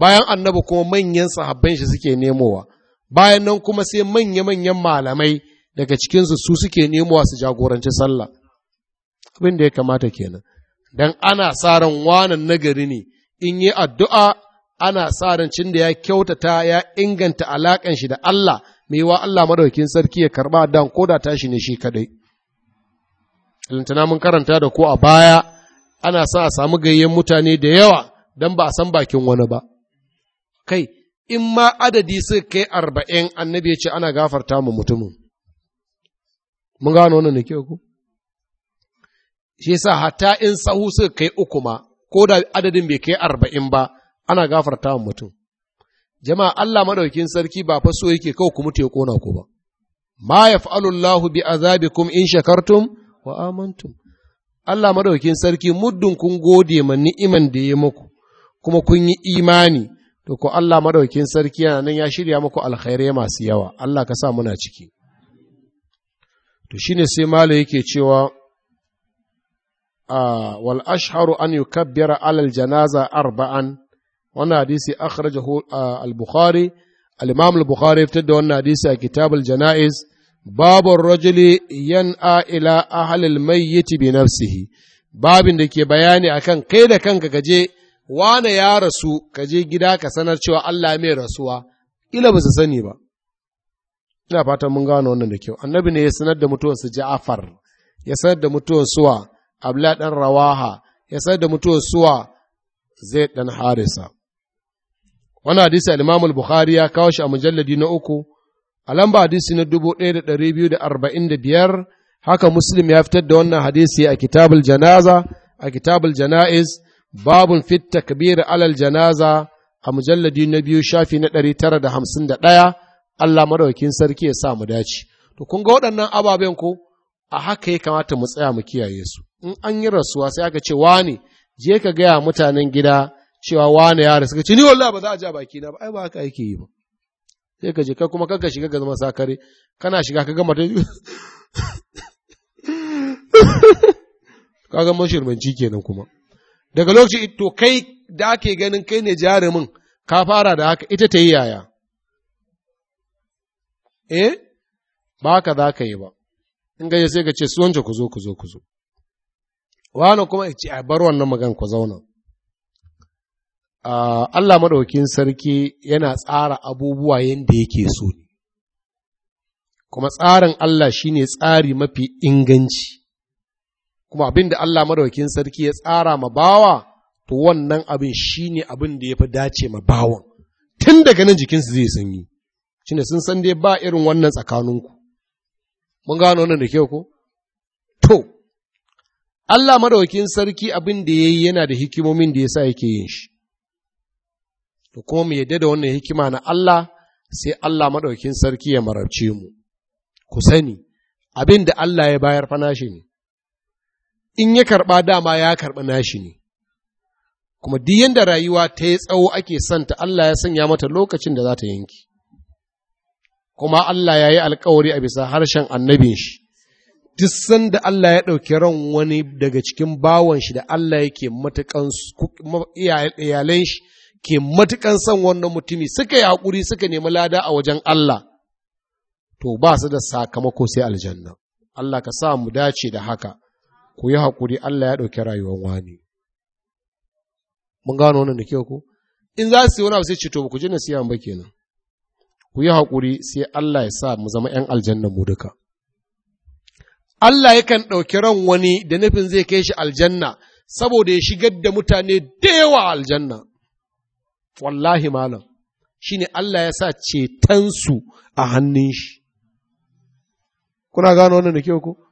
bayan annabi kuma manyan sahabban shi suke nemowa bayan nan kuma sai manya-manyan malamai daga cikinsu su suke nemowa su jagoranci sallah abin da ya kamata kenan dan ana sa ran wanan nagari ne in yi addu'a ana sa ran cin da ya kyautata ya inganta alaƙan shi da Allah mai wa Allah madaukin sarki ya karɓa dan koda da tashi ne shi kaɗai. Lantana mun karanta da ko a baya ana sa a samu gayyen mutane da yawa don ba a san bakin wani ba. Kai, in ma adadi suka kai arba'in annabi ya ce ana gafarta mu mutumin mun gano wannan da kyau ku shi sa hatta in sahu suka kai uku ma ko da adadin bai kai arba'in ba ana gafarta mu mutum jama'a Allah madaukin sarki ba fa so yake kawai ku mutu ya kona ku ba ma yaf'alu Allahu bi azabikum in shakartum wa amantum Allah madaukin sarki muddin kun gode ma ni'iman da ya muku kuma kun yi imani to ko Allah madaukin sarki yana nan ya shirya muku alkhairai masu yawa Allah ka sa muna ciki to shine sai malo yake cewa wal ashharu an yukabbira alal janaza arba'an wannan hadisi akhrajahu al-bukhari al-imam al-bukhari fitar da wannan hadisi a kitabul janaiz babu rajuli yan'a ila ahlil mayyit bi nafsihi babin da ke bayani akan kai da kanka gaje wane ya rasu ka je gida ka sanar cewa Allah mai rasuwa ila ba su sani ba ina fatan mun gano wannan da kyau annabi ne ya sanar da mutuwar su ja'afar ya sanar da mutuwar suwa Abla ɗan Rawaha ya sanar da mutuwar suwa zai dan Harisa Wani hadisi al-Imam bukhari ya kawo shi a mujalladi na uku a lamba hadisi na dubu da da da biyu arba'in biyar haka Muslim ya fitar da wannan hadisi a Kitabul Janaza a Kitabul Janaiz babun fit takbir alal janaza a mujalladi na biyu shafi na ɗari tara da hamsin da ɗaya Allah maɗaukin sarki ya sa mu dace to kun ga waɗannan ababen ku? a haka ya kamata mu tsaya mu kiyaye su in an yi rasuwa sai aka ce wane je ka gaya mutanen gida cewa wane ya rasu ce ni wallahi ba za a ja baki na ba ai ba haka yake yi ba sai ka je kai kuma kanka shiga ga zama sakare kana shiga ka gama ta kaga mashirmanci kenan kuma daga lokaci to kai da ake ganin kai ne jarumin ka fara da haka ita ta yi yaya eh ba ka za ka yi ba in gaje sai ka ce su ku zo ku zo ku zo wani kuma ya ce a bar wannan magan ku zauna ah, Allah maɗaukin sarki yana tsara abubuwa yadda yake so kuma tsarin Allah shine tsari mafi inganci kuma abin da Allah madaukin sarki ya tsara ma bawa to wannan abin shine abin da ya fi dace ma bawan tun daga nan jikinsu zai sanyi shine sun san dai ba irin wannan tsakanin ku mun gano wannan da ke ko to Allah madaukin sarki abin da yayi yana da hikimomin da yasa yake yin shi to kuma mu yadda da wannan hikima na Allah sai Allah madaukin sarki ya marabce mu ku sani abin da Allah ya bayar fana shi ne in ya karɓa dama ya karɓa nashi ne kuma duk yanda rayuwa ta yi tsawo ake santa Allah ya sanya mata lokacin da za ta yanki kuma Allah ya yi alkawari a bisa harshen annabin shi duk sanda Allah ya ɗauki ran wani daga cikin bawan shi da Allah yake matukan iyalan shi ke matukan son wannan mutumi suka yi haƙuri suka nemi lada a wajen Allah to ba su da sakamako sai aljanna Allah ka sa mu dace da haka ku yi haƙuri Allah ya ɗauki rayuwar wani. Mun gano wannan da kyau ku? In za su yi wani abu sai cito ba ku ji nasiyan ba kenan. Ku yi haƙuri sai Allah ya sa mu zama ‘yan aljanna mu duka. Allah yakan ɗauki ran wani da nufin zai kai shi aljanna saboda ya shigar da mutane da yawa aljanna. Wallahi malam, shi ne Allah ya sa cetonsu a hannun shi. Kuna gano wannan da kyau ku?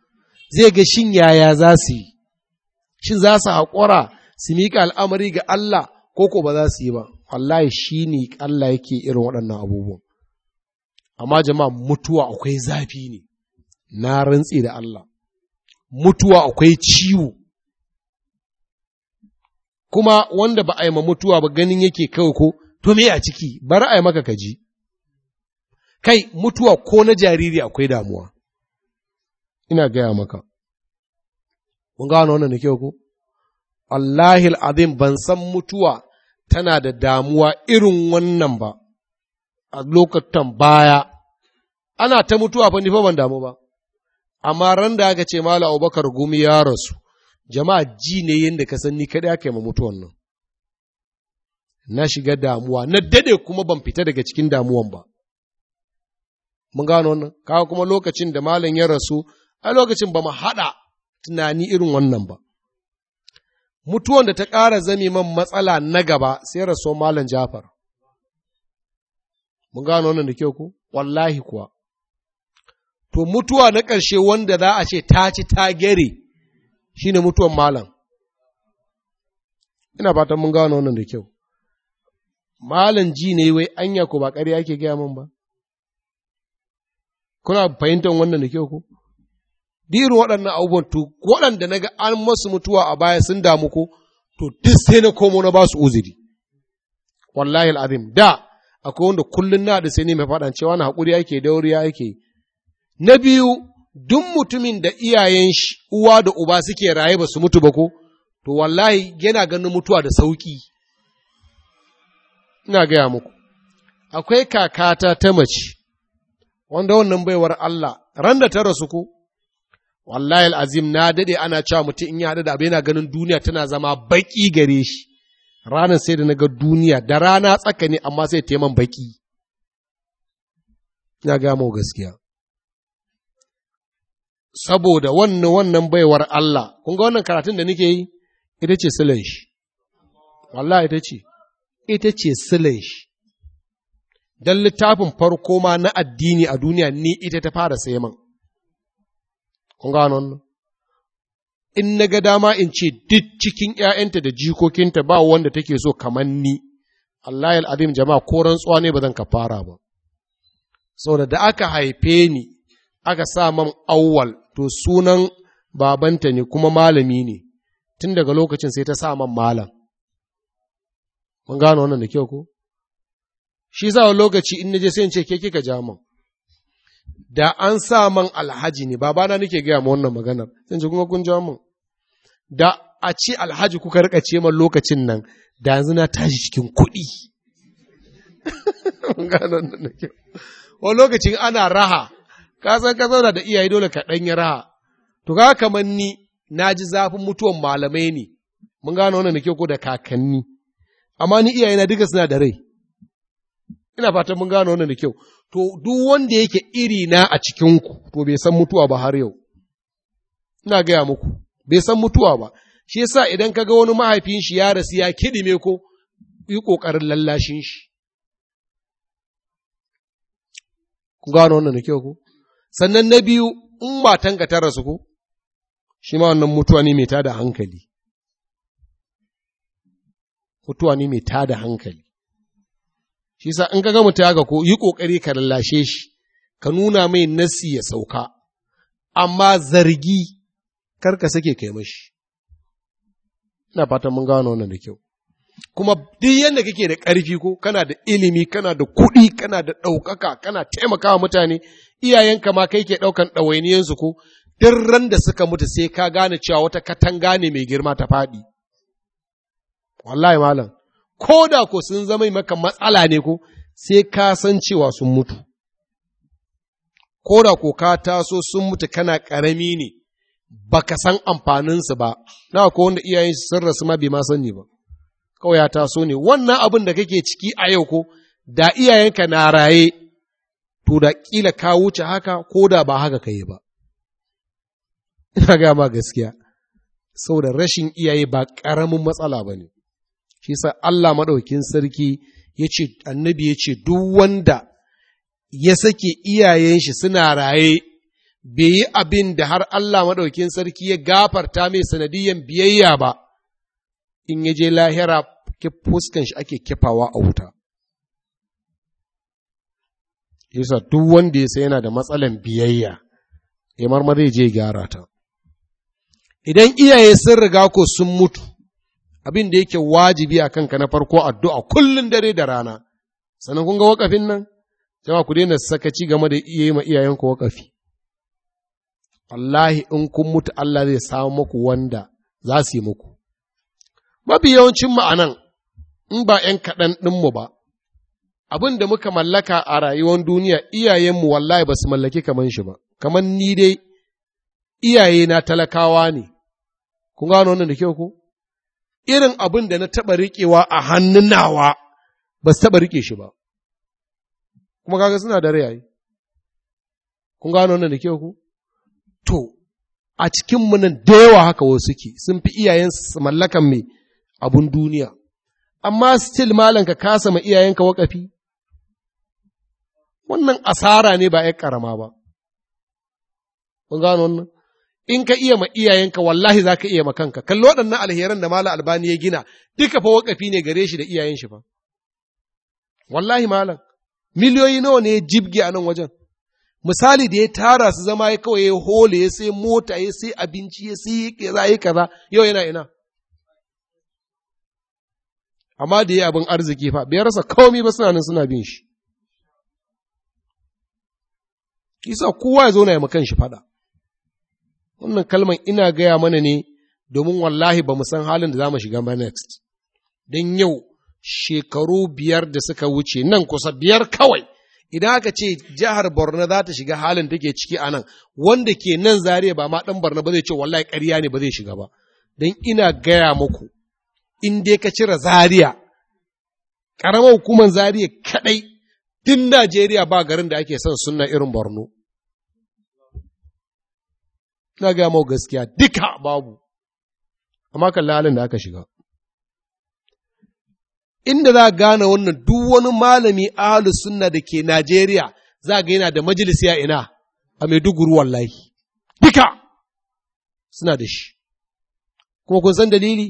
zai ga shin yaya za su yi shin za su haƙura su miƙa al'amari ga Allah ko ko ba za su yi ba wallahi shi ne Allah yake irin waɗannan abubuwan amma jama'a mutuwa akwai zafi ne na rantsi da Allah mutuwa akwai ciwo kuma wanda ba a yi ma mutuwa ba ganin yake kawai ko to me a ciki bari a yi maka kaji kai mutuwa ko na jariri akwai damuwa ina gaya maka mun gano wannan da kyau ko Allahil adin ban san mutuwa tana da damuwa irin wannan ba a lokacin baya ana ta mutuwa fa ni fa ban damu ba amma ran da aka ce mala abubakar gumi ya rasu jama'a ji ne yadda ka san ni kaɗai aka yi ma mutuwan nan na shiga damuwa na dade kuma ban fita daga cikin damuwan ba mun gano wannan kawo kuma lokacin da malam ya rasu a lokacin ba mu haɗa tunani irin wannan ba. Mutuwan da ta ƙara zami man matsala na gaba sai raso Malam Jafar. Mun gano wannan da kyau ku? Wallahi kuwa. To mutuwa na ƙarshe wanda za a ce ta ci ta gere shi ne mutuwan Malam. Ina fatan mun gano wannan da kyau. Malam ji ne wai anya ku ba ƙarya ake gaya min ba. Kuna fahimtar wannan da kyau ku? irin waɗannan abubuwan to waɗanda na ga an masu mutuwa a baya sun damu ko to duk sai na komo na basu uzuri. Wallahi al'azim da akwai wanda kullum na da sai ne mai faɗan cewa na haƙuri ake dauriya ake. Na biyu duk mutumin da iyayen shi uwa da uba suke raye ba su mutu ba ko to wallahi yana ganin mutuwa da sauki Ina gaya muku. Akwai kakata ta mace wanda wannan baiwar Allah ran da ta rasu ko wallahi azim na dade ana cewa mutum in ya haɗu da abu yana ganin duniya tana zama baki gare shi ranar sai da na duniya da rana tsaka ne amma sai taiman baki ya ga mu gaskiya saboda wannan wannan baiwar Allah kun ga wannan karatun da nake yi ita ce silan shi wallahi ita ce ita ce silan shi dan littafin farko ma na addini a duniya ni ita ta fara sayaman Kun gano nan In na ga dama in ce duk cikin ‘ya'yanta da jikokinta ba wanda take so kamar ni, Allah ya al'adim jama'a ko rantsuwa ne ba zan ka fara ba. Saboda da aka haife ni, aka sa man awwal to sunan babanta ne kuma malami ne, tun daga lokacin sai ta sa man malam. Mun gano wannan da kyau ko? Shi sa lokaci in na je sai in ce ke kika ja da an sa man alhaji ne babana nake gaya ma wannan maganar sai kuma kun ja mun da a ce alhaji kuka rika ce man lokacin nan da yanzu na tashi cikin kuɗi wani lokacin ana raha ka san ka zauna da iyaye dole ka ɗanyi raha to ka kamar ni na ji zafin mutuwan malamai ne mun gane wannan da ko da kakanni amma ni iyaye na duka suna da rai ina fatan mun gane wannan da kyau to duk wanda yake iri na a cikinku, to bai san mutuwa ba har yau. Ina gaya muku, bai san mutuwa ba, shi yasa idan ka ga wani mahaifin shi ya rasu ya kidime ko yi ƙoƙarin lallashin shi. Ku gano wannan da kyau ko? Sannan na biyu, in matanka ta rasu ko? Shi ma wannan mutuwa ne mai tada hankali. Mutuwa ne mai tada hankali. shi sa in ka gama ta haka ko yi ƙoƙari ka lallashe shi ka nuna mai nasi ya sauka amma zargi kar ka sake kai mashi ina fatan mun gano wannan da kyau kuma duk yadda kake da ƙarfi ko kana da ilimi kana da kuɗi kana da ɗaukaka kana taimakawa mutane iyayenka ma kai ke ɗaukan ɗawainiyansu ko duk ran da suka mutu sai ka gane cewa wata katanga ne mai girma ta faɗi wallahi malam ko da ko sun zama maka matsala ne ko sai ka san cewa sun mutu ko da ko ka taso sun mutu kana ƙarami ne ba ka san amfaninsu ba na ko wanda iyayen sun rasu ma bai ma sani ba kawai ya taso ne wannan abin da kake ciki a yau ko da iyayenka na raye to da kila ka wuce haka ko da ba haka kai ba ina gama gaskiya. Sau da rashin iyaye ba ƙaramin matsala ba ne shi sa Allah maɗaukin sarki ya ce annabi ya ce duk wanda ya sake iyayen shi suna raye bai yi abin da har Allah maɗaukin sarki ya gafarta mai sanadiyan biyayya ba in ya je lahira fuskan shi ake kifawa a wuta yasa duk wanda ya sai yana da matsalan biyayya ya marmari je gyara ta idan iyaye sun riga ko sun mutu abin da yake wajibi a kanka na farko addu'a kullum dare da rana sannan kun ga wakafin nan jama'a ku daina sakaci game da iya yi ma iyayenku wakafi wallahi in kun mutu Allah zai samu muku wanda za su yi muku mafi yawancin ma'anan in ba ‘yan kaɗan ɗinmu ba abin da muka mallaka a rayuwar duniya iyayenmu wallahi ba su mallaki kamar shi ba kamar ni dai iyaye na talakawa ne kun gano wannan da kyau ko irin abin da na taɓa riƙewa a hannun nawa ba su taɓa riƙe shi ba kuma kaga suna da rayayi kun gano wannan da ke ku to a cikin munan nan da yawa haka wasu suke sun fi iyayen su mallakan mai abun duniya amma still malam ka kasa ma iyayenka wakafi wannan asara ne ba ƴan ƙarama ba kun gano wannan in ka iya ma iyayenka wallahi za ka iya ma kanka kallo waɗannan alheran da malam albani ya gina duka fa wakafi ne gare shi da iyayen shi fa wallahi malam miliyoyi nawa ne jibgi jibge a nan wajen misali da ya tara su zama ya kawai ya hole ya sai mota ya sai abinci ya sai kaza ya kaza yau yana ina amma da ya abin arziki fa bai rasa komai ba suna nan suna bin shi kisa kowa ya zo na ya makan shi fada wannan kalman ina gaya mana ne domin wallahi ba mu san halin da za mu shiga ba next don yau shekaru biyar da suka wuce nan kusa biyar kawai idan aka ce jihar borno za ta shiga halin da ke ciki a nan wanda ke nan zariya ba ma dan borno ba zai ce wallahi ƙarya ne ba zai shiga ba don ina gaya muku in dai ka cire zariya ƙaramar hukumar zariya kaɗai din najeriya ba garin da ake son sunna irin borno na gaya mau gaskiya duka babu amma kan halin da aka shiga inda za gane wannan duk wani malami ahlus sunna da ke Najeriya za ga yana da majalisi ya ina a Maiduguri wallahi duka suna da shi kuma kun san dalili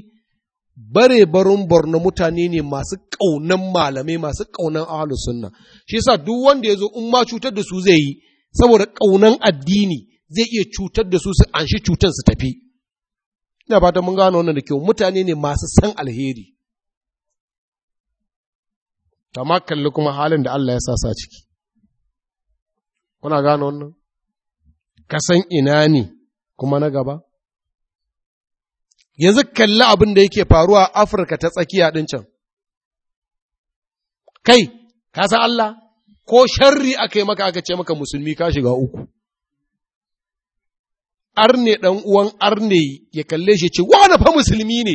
bare barin borno mutane ne masu ƙaunan malamai masu ƙaunan ahlus sunna shi yasa duk wanda ya zo in ma cutar da su zai yi saboda ƙaunan addini zai iya cutar da su su anshi cutar su tafi ina fata mun gano wannan da kyau mutane ne masu san alheri Tama kalli kuma halin da Allah ya sa sa ciki kuna gano wannan ka ina ne kuma na gaba yanzu kalli abin da yake faruwa a Afirka ta tsakiya ɗin can kai ka san Allah ko sharri aka yi maka aka ce maka musulmi ka shiga uku arne ɗan uwan arne ya kalle shi ce na fa musulmi ne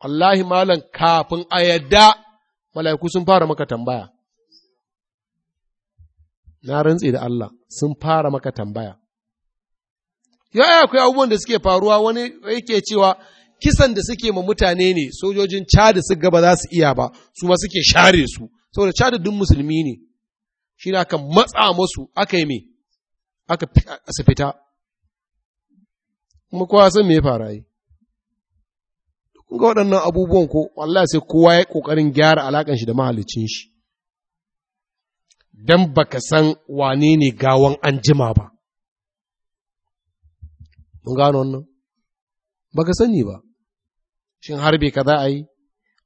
wallahi malam kafin a yadda mala'iku sun fara maka tambaya na rantse da Allah sun fara maka tambaya ya akwai abubuwan da suke faruwa wani yake cewa kisan da suke ma mutane ne sojojin Chad su gaba za su iya ba su ma suke share su saboda Chad duk musulmi ne shi kan aka matsa masu aka yi me aka su fita kuma kowa san me ya fara yi ga waɗannan abubuwan ko wallahi sai kowa ya ƙoƙarin gyara alakan shi da mahalicin shi don ba ka san wane ne gawan an jima ba mun gano wannan ba ka sani ba shin harbe ka za a yi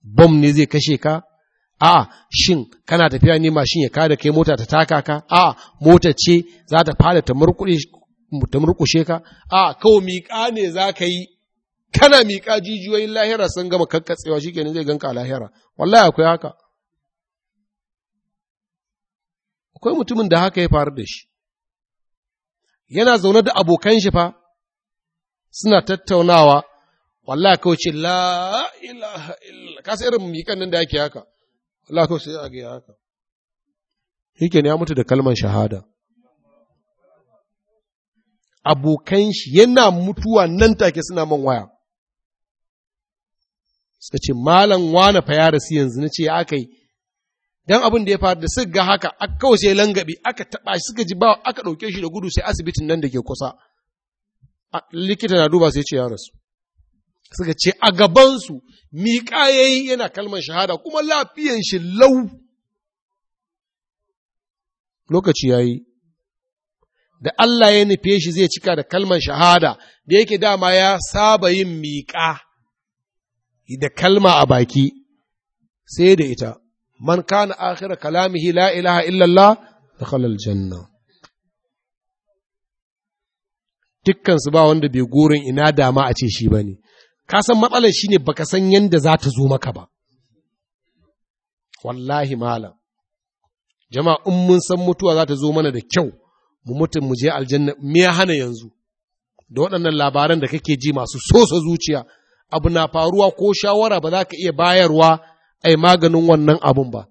bom ne zai kashe ka a shin kana tafiya ne mashin ya kada kai mota ta taka ka a mota ce za ta fara ta murkuɗe ta murkushe ka a kawo miƙa ne za ka yi kana miƙa jijiyoyin lahira sun gama kakkatsewa shi kenan zai ganka lahira wallahi akwai haka akwai mutumin da haka ya faru da shi yana zaune da abokan shi fa suna tattaunawa wallahi kawai ce la ilaha illa ka irin miƙan nan da yake haka wallahi kawai sai a ga haka shi ya mutu da kalmar shahada abokan shi yana mutuwa nan take suna man waya suka ce malam wane fa ya rasu yanzu na ce aka yi Don abin da ya faru da suka ga haka aka kawai sai langabi aka taba shi suka ji ba aka ɗauke shi da gudu sai asibitin nan da ke kusa likita na duba sai ce ya rasu suka ce a gabansu miƙa yayi yana kalmar shahada kuma lafiyan shi lau lokaci ya yi. da Allah ya nufe shi zai cika da kalmar shahada da yake dama ya saba yin miƙa da kalma a baki sai da ita man kana akhir kalamihi la ilaha illallah dakhala aljanna dukkan su ba wanda bai gurin ina dama a ce shi bane ka san matsalar shine baka san yanda za ta zo maka ba wallahi malam jama'a in mun san mutuwa za ta zo mana da kyau mu mutum mu je aljanna me ya hana yanzu da waɗannan labaran da kake ji masu sosa zuciya abu na faruwa ko shawara ba za ka iya bayarwa a yi maganin wannan abun ba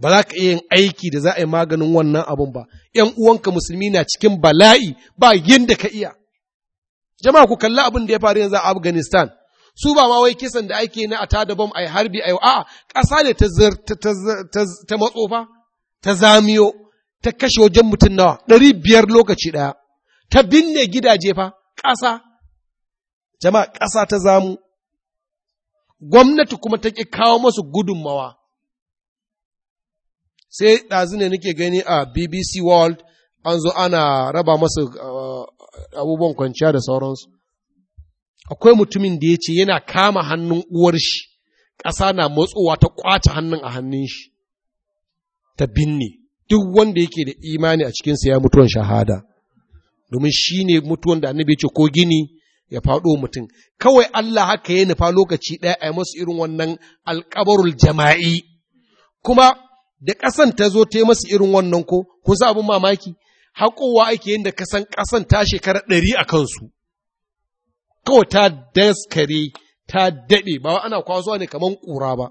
ba za ka iya yin aiki da za a yi maganin wannan abun ba ‘yan uwanka musulmi na cikin bala'i ba yadda ka iya jama'a ku kalli abin da ya faru yanzu a afghanistan su ba ma wai kisan da ake na a da bom a yi harbi a yi a'a ƙasa ne ta matsofa ta zamiyo ta kashe wajen mutum nawa ɗari biyar lokaci ɗaya ta binne gidaje fa ƙasa jama'a ƙasa ta zamu gwamnati kuma ta ƙi kawo masu gudunmawa sai ɗazu ne nake gani a bbc world an zo ana raba masu uh, abubuwan kwanciya da sauransu akwai mutumin da ya ce yana kama hannun uwar shi ƙasa na matsowa ta ƙwace hannun a hannun shi ta binne duk wanda yake da imani a cikinsa ya mutuwan shahada domin shi ne mutuwan da annabi ce ko gini ya faɗo mutum kawai Allah haka ya nufa lokaci ɗaya a yi masu irin wannan alƙabarul jama'i kuma da ƙasan ta zo ta yi masu irin wannan ko kun sa abin mamaki haƙowa ake yin da kasan ƙasan ta shekara ɗari a kansu kawai ta daskare ta daɗe ba ana kwazo ne kamar ƙura ba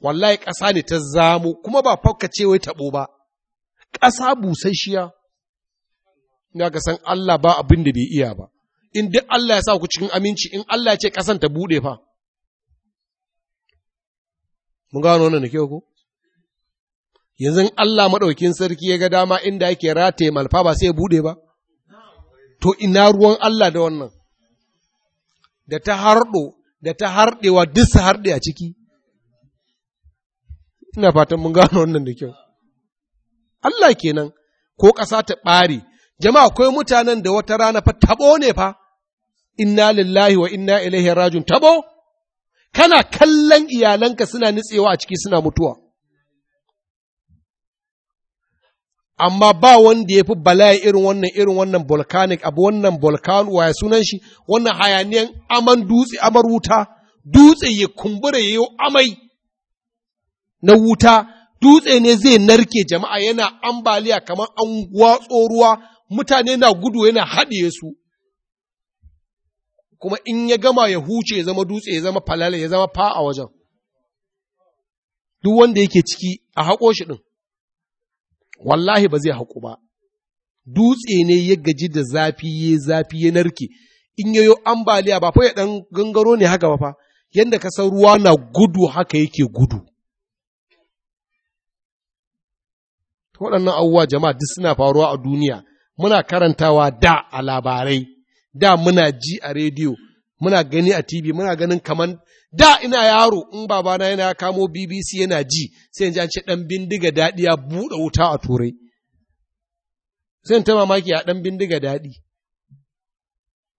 wallahi ƙasa ne ta zamo kuma ba faukace wai taɓo ba ƙasa busasshiya ina ga san Allah ba abin da bai iya ba in duk Allah ya sa ku cikin aminci in Allah ya ce ƙasan ta buɗe fa mun gano wannan da kyau ko yanzu Allah maɗaukin sarki ya ga dama inda yake rataye malfa ba sai ya buɗe ba, to ina ruwan Allah da wannan, da ta harɗo, da ta harɗewa duk su harɗe a ciki, ina fatan mun gano wannan da kyau Allah kenan ko ƙasa ta ɓare jama'a akwai mutanen da wata rana fa tabo ne fa inna lillahi wa inna ilaihi rajiun tabo kana kallon iyalanka suna nitsewa a ciki suna mutuwa amma ba wanda ya fi bala'i irin wannan irin wannan volcanic abu wannan volcano waya sunan shi wannan hayaniyan aman dutse amar wuta dutse ya kumbura ya yi amai na wuta dutse ne zai narke jama'a yana ambaliya kamar an watso ruwa mutane na gudu yana haɗiye su kuma in ya gama ya huce ya zama dutse ya zama falala ya zama fa a wajen duk wanda yake ciki a haƙo shi ɗin wallahi ba zai haƙo ba dutse ne ya gaji da zafi ya zafi ya narke in ya yi ambaliya ba fa ya ɗan gangaro ne haka ba fa yadda ka ruwa na gudu haka yake gudu waɗannan abubuwa jama'a duk suna faruwa a duniya muna karantawa da a labarai da muna ji a rediyo muna gani a tv muna ganin kaman da ina yaro in babana yana ya kamo bbc yana ji sai in ji an ce ɗan bindiga daɗi ya buɗe wuta a turai sai in ta mamaki a ɗan bindiga daɗi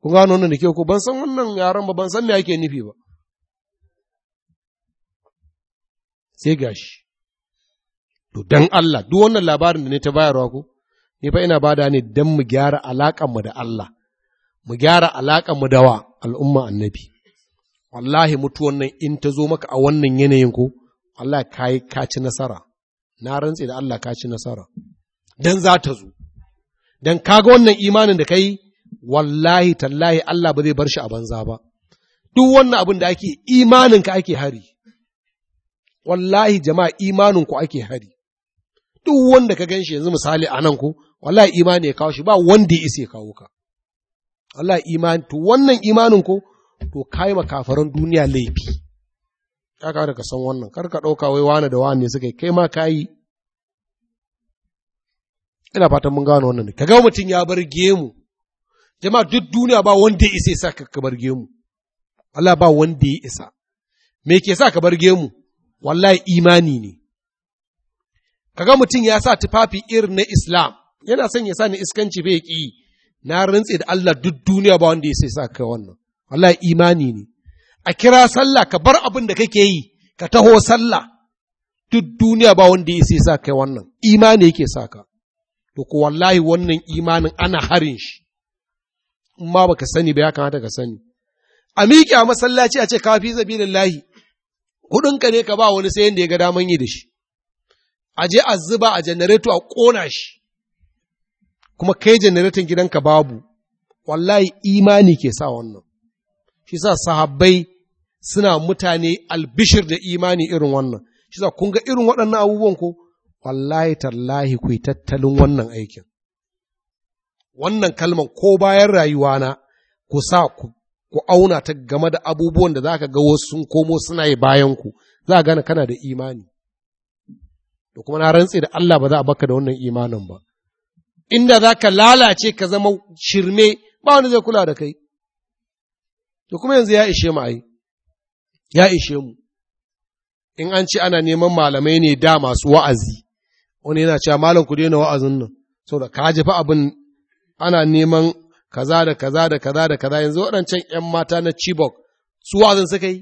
ku gano wannan da ke ku ban san wannan yaron ba ban san me ake nufi ba sai gashi To don Allah, duk wannan labarin da ne ta bayarwa ko, ni fa ina bada ne don mu gyara alaƙanmu da Allah, mu gyara alaƙanmu da wa al'umma annabi. Wallahi mutuwan nan in ta zo maka a wannan yanayin ko, Allah ka yi kaci nasara, na rantse da Allah kaci nasara, Don za ta zo. ka kaga wannan imanin da ka yi, wallahi tallahi Allah ba zai bar shi a banza ba. Duk wannan abin da ake imaninka ake hari, wallahi jama'a imaninku ake hari. duk wanda ka gan shi yanzu misali a nan ko wallahi imani ya kawo shi ba wanda ya isa ya kawo ka wallahi imani to wannan imanin ko to kai ma kafaran duniya laifi ya ka ka san wannan kar ka dauka wai wani da wani suka yi kai ma kai ina fatan mun gano wannan ka ga mutum ya bar gemu jama'a duk duniya ba wanda ya isa ya ka bar gemu Allah ba wanda ya isa me ke sa ka bar gemu wallahi imani ne kaga mutum ya sa tufafi irin na Islam yana son ya sa ni iskanci bai ki na rantse da Allah duk duniya ba wanda ya sai sa kai wannan wallahi imani ne a kira sallah ka bar abin da kake yi ka taho sallah duk duniya ba wanda ya sai sa kai wannan imani yake sa ka to ko wallahi wannan imanin ana harin shi in ma baka sani ba ya kamata ka sani a miƙe a masallaci a ce kafi sabilillahi kuɗinka ne ka ba wani sai yanda ya ga daman yi da shi a je a zuba a janareto a ƙona shi kuma kai janareton gidanka babu wallahi imani ke sa wannan shi sa sahabbai suna mutane albishir da imani irin wannan shi sa kun ga irin waɗannan abubuwan ko wallahi tallahi ku tattalin wannan aikin wannan kalman ko bayan rayuwana ku sa ku ku auna ta game da abubuwan da za ka ga wasu sun komo suna yi bayan ku za a gane kana da imani da kuma na rantse da Allah ba za a baka da wannan imanin ba inda za ka lalace ka zama shirme ba wani zai kula da kai to kuma yanzu ya ishe mu ai ya ishe mu in an ce ana neman malamai ne da masu wa'azi wani yana cewa malam ku daina wa'azin nan da ka jefa fa abin ana neman kaza da kaza da kaza da kaza yanzu waɗancan ‘yan mata na Chibok su wa'azin suka yi,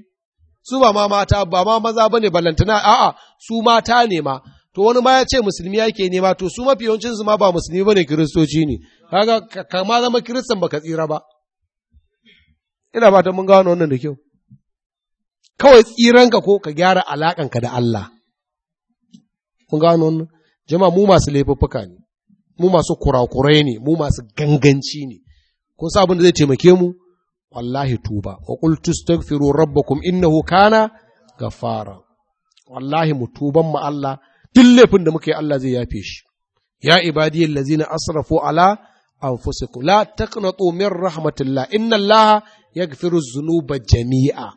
su ba ma mata ba ma maza ba ne ballantana a'a su mata ne ma to wani ma ya ce musulmi yake nema to su mafi yawancin su ma ba musulmi bane kiristoci ne kaga kama zama kiristan baka tsira ba ina fatan mun gano wannan da kyau kawai tsiranka ko ka gyara alakan ka da Allah mun gano wannan jama'a mu masu laifuffuka ne mu masu kurakurai ne mu masu ganganci ne kun sa abin da zai taimake mu wallahi tuba wa qul tastaghfiru rabbakum innahu kana ghafara wallahi mu tuban mu Allah duk laifin da muka yi Allah zai yafe shi ya ibadiyal lazina asrafu ala anfusikum la taqnatu min rahmatillah inna Allah yaghfiru dhunuba jami'a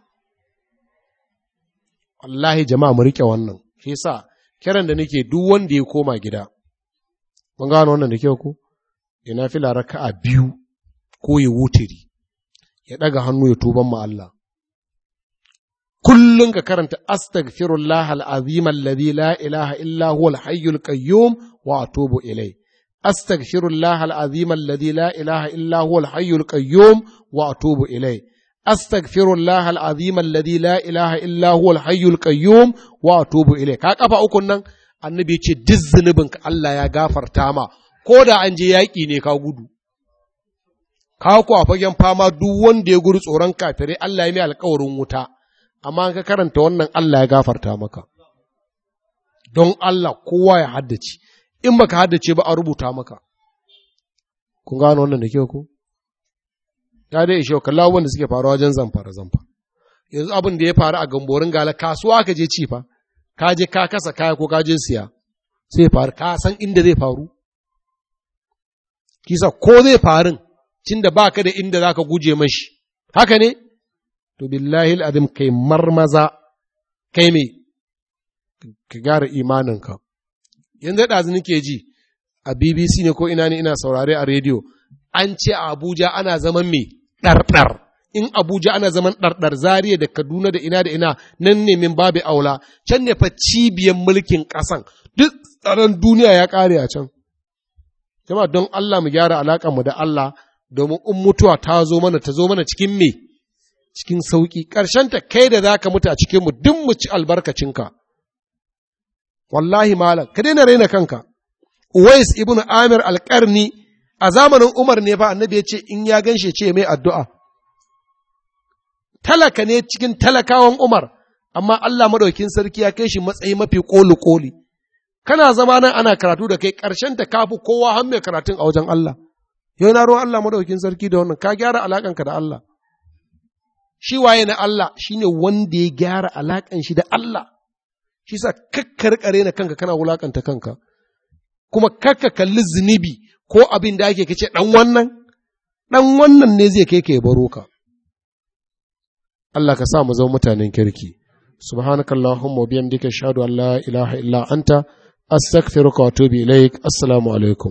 wallahi jama'a mu rike wannan shi yasa kiran da nake duk wanda ya koma gida mun gano wannan da kyau ko ina fila raka'a biyu ko ya wutiri ya daga hannu ya tuban ma Allah kullum ka karanta astaghfirullah al'azim alladhi la ilaha illa huwa al qayyum wa atubu ilai astaghfirullah al'azim alladhi la ilaha illa huwa al qayyum wa atubu ilai astaghfirullah al'azim alladhi la ilaha illa huwa al qayyum wa atubu ilai ka kafa ukun nan annabi ce duk ka. Allah ya gafarta ma ko da an je yaƙi ne ka gudu ka ku a fagen fama duk wanda ya gudu tsoron kafirai Allah ya mai alƙawarin wuta amma ka karanta wannan Allah ya gafarta maka don Allah kowa ya haddace in baka haddace ba a rubuta maka kun gano wannan da kyau ku? ya dai ishe kalla wanda suke faruwa wajen zamfara zamfa, yanzu abin da ya faru a gamborin gala kasuwa ka je cifa ka je ka kasa kaya ko ka je siya sai faru ka san inda zai faru kisa ko zai farin ba baka da inda zaka guje mashi haka ne to billahi al'adim kai maza kai me ka gara imaninka yanzu ɗazu ke ji a bbc ne ko ina ne ina saurare a rediyo an ce a abuja ana zaman me ɗarɗar in abuja ana zaman ɗarɗar zariya da kaduna da ina da ina nan ne min babu aula can ne fa cibiyar mulkin ƙasan duk tsaron duniya ya ƙare a can jama'a don allah mu gyara mu da allah domin in mutuwa ta zo mana ta zo mana cikin me cikin sauƙi, ta kai da za ka mutu a cikinmu duk mu ci albarkacinka. Wallahi malam, ka daina raina kanka, Uwais ibn Amir alƙarni a zamanin Umar ne ba annabi ya ce in ya gan shi ce mai addu'a. Talaka ne cikin talakawan Umar, amma Allah maɗaukin sarki ya kai shi matsayi mafi koli-koli. ƙoli Kana zama nan ana karatu da kai ƙarshen ta kafu kowa har mai karatun a wajen Allah. Yau na ruwan Allah maɗaukin sarki da wannan, ka gyara alaƙanka da Allah. shi waye na Allah shi ne wanda ya gyara alaƙan shi da Allah shi sa kakkarkare na kanka kana wulakanta kanka kuma kakka kalli zunubi ko abin da ake kace ɗan wannan ɗan wannan ne zai kai ka baro ka Allah ka sa mu zama mutanen kirki subhanakallahumma wa bihamdika ashhadu an la ilaha illa anta astaghfiruka wa atubu ilaik assalamu alaikum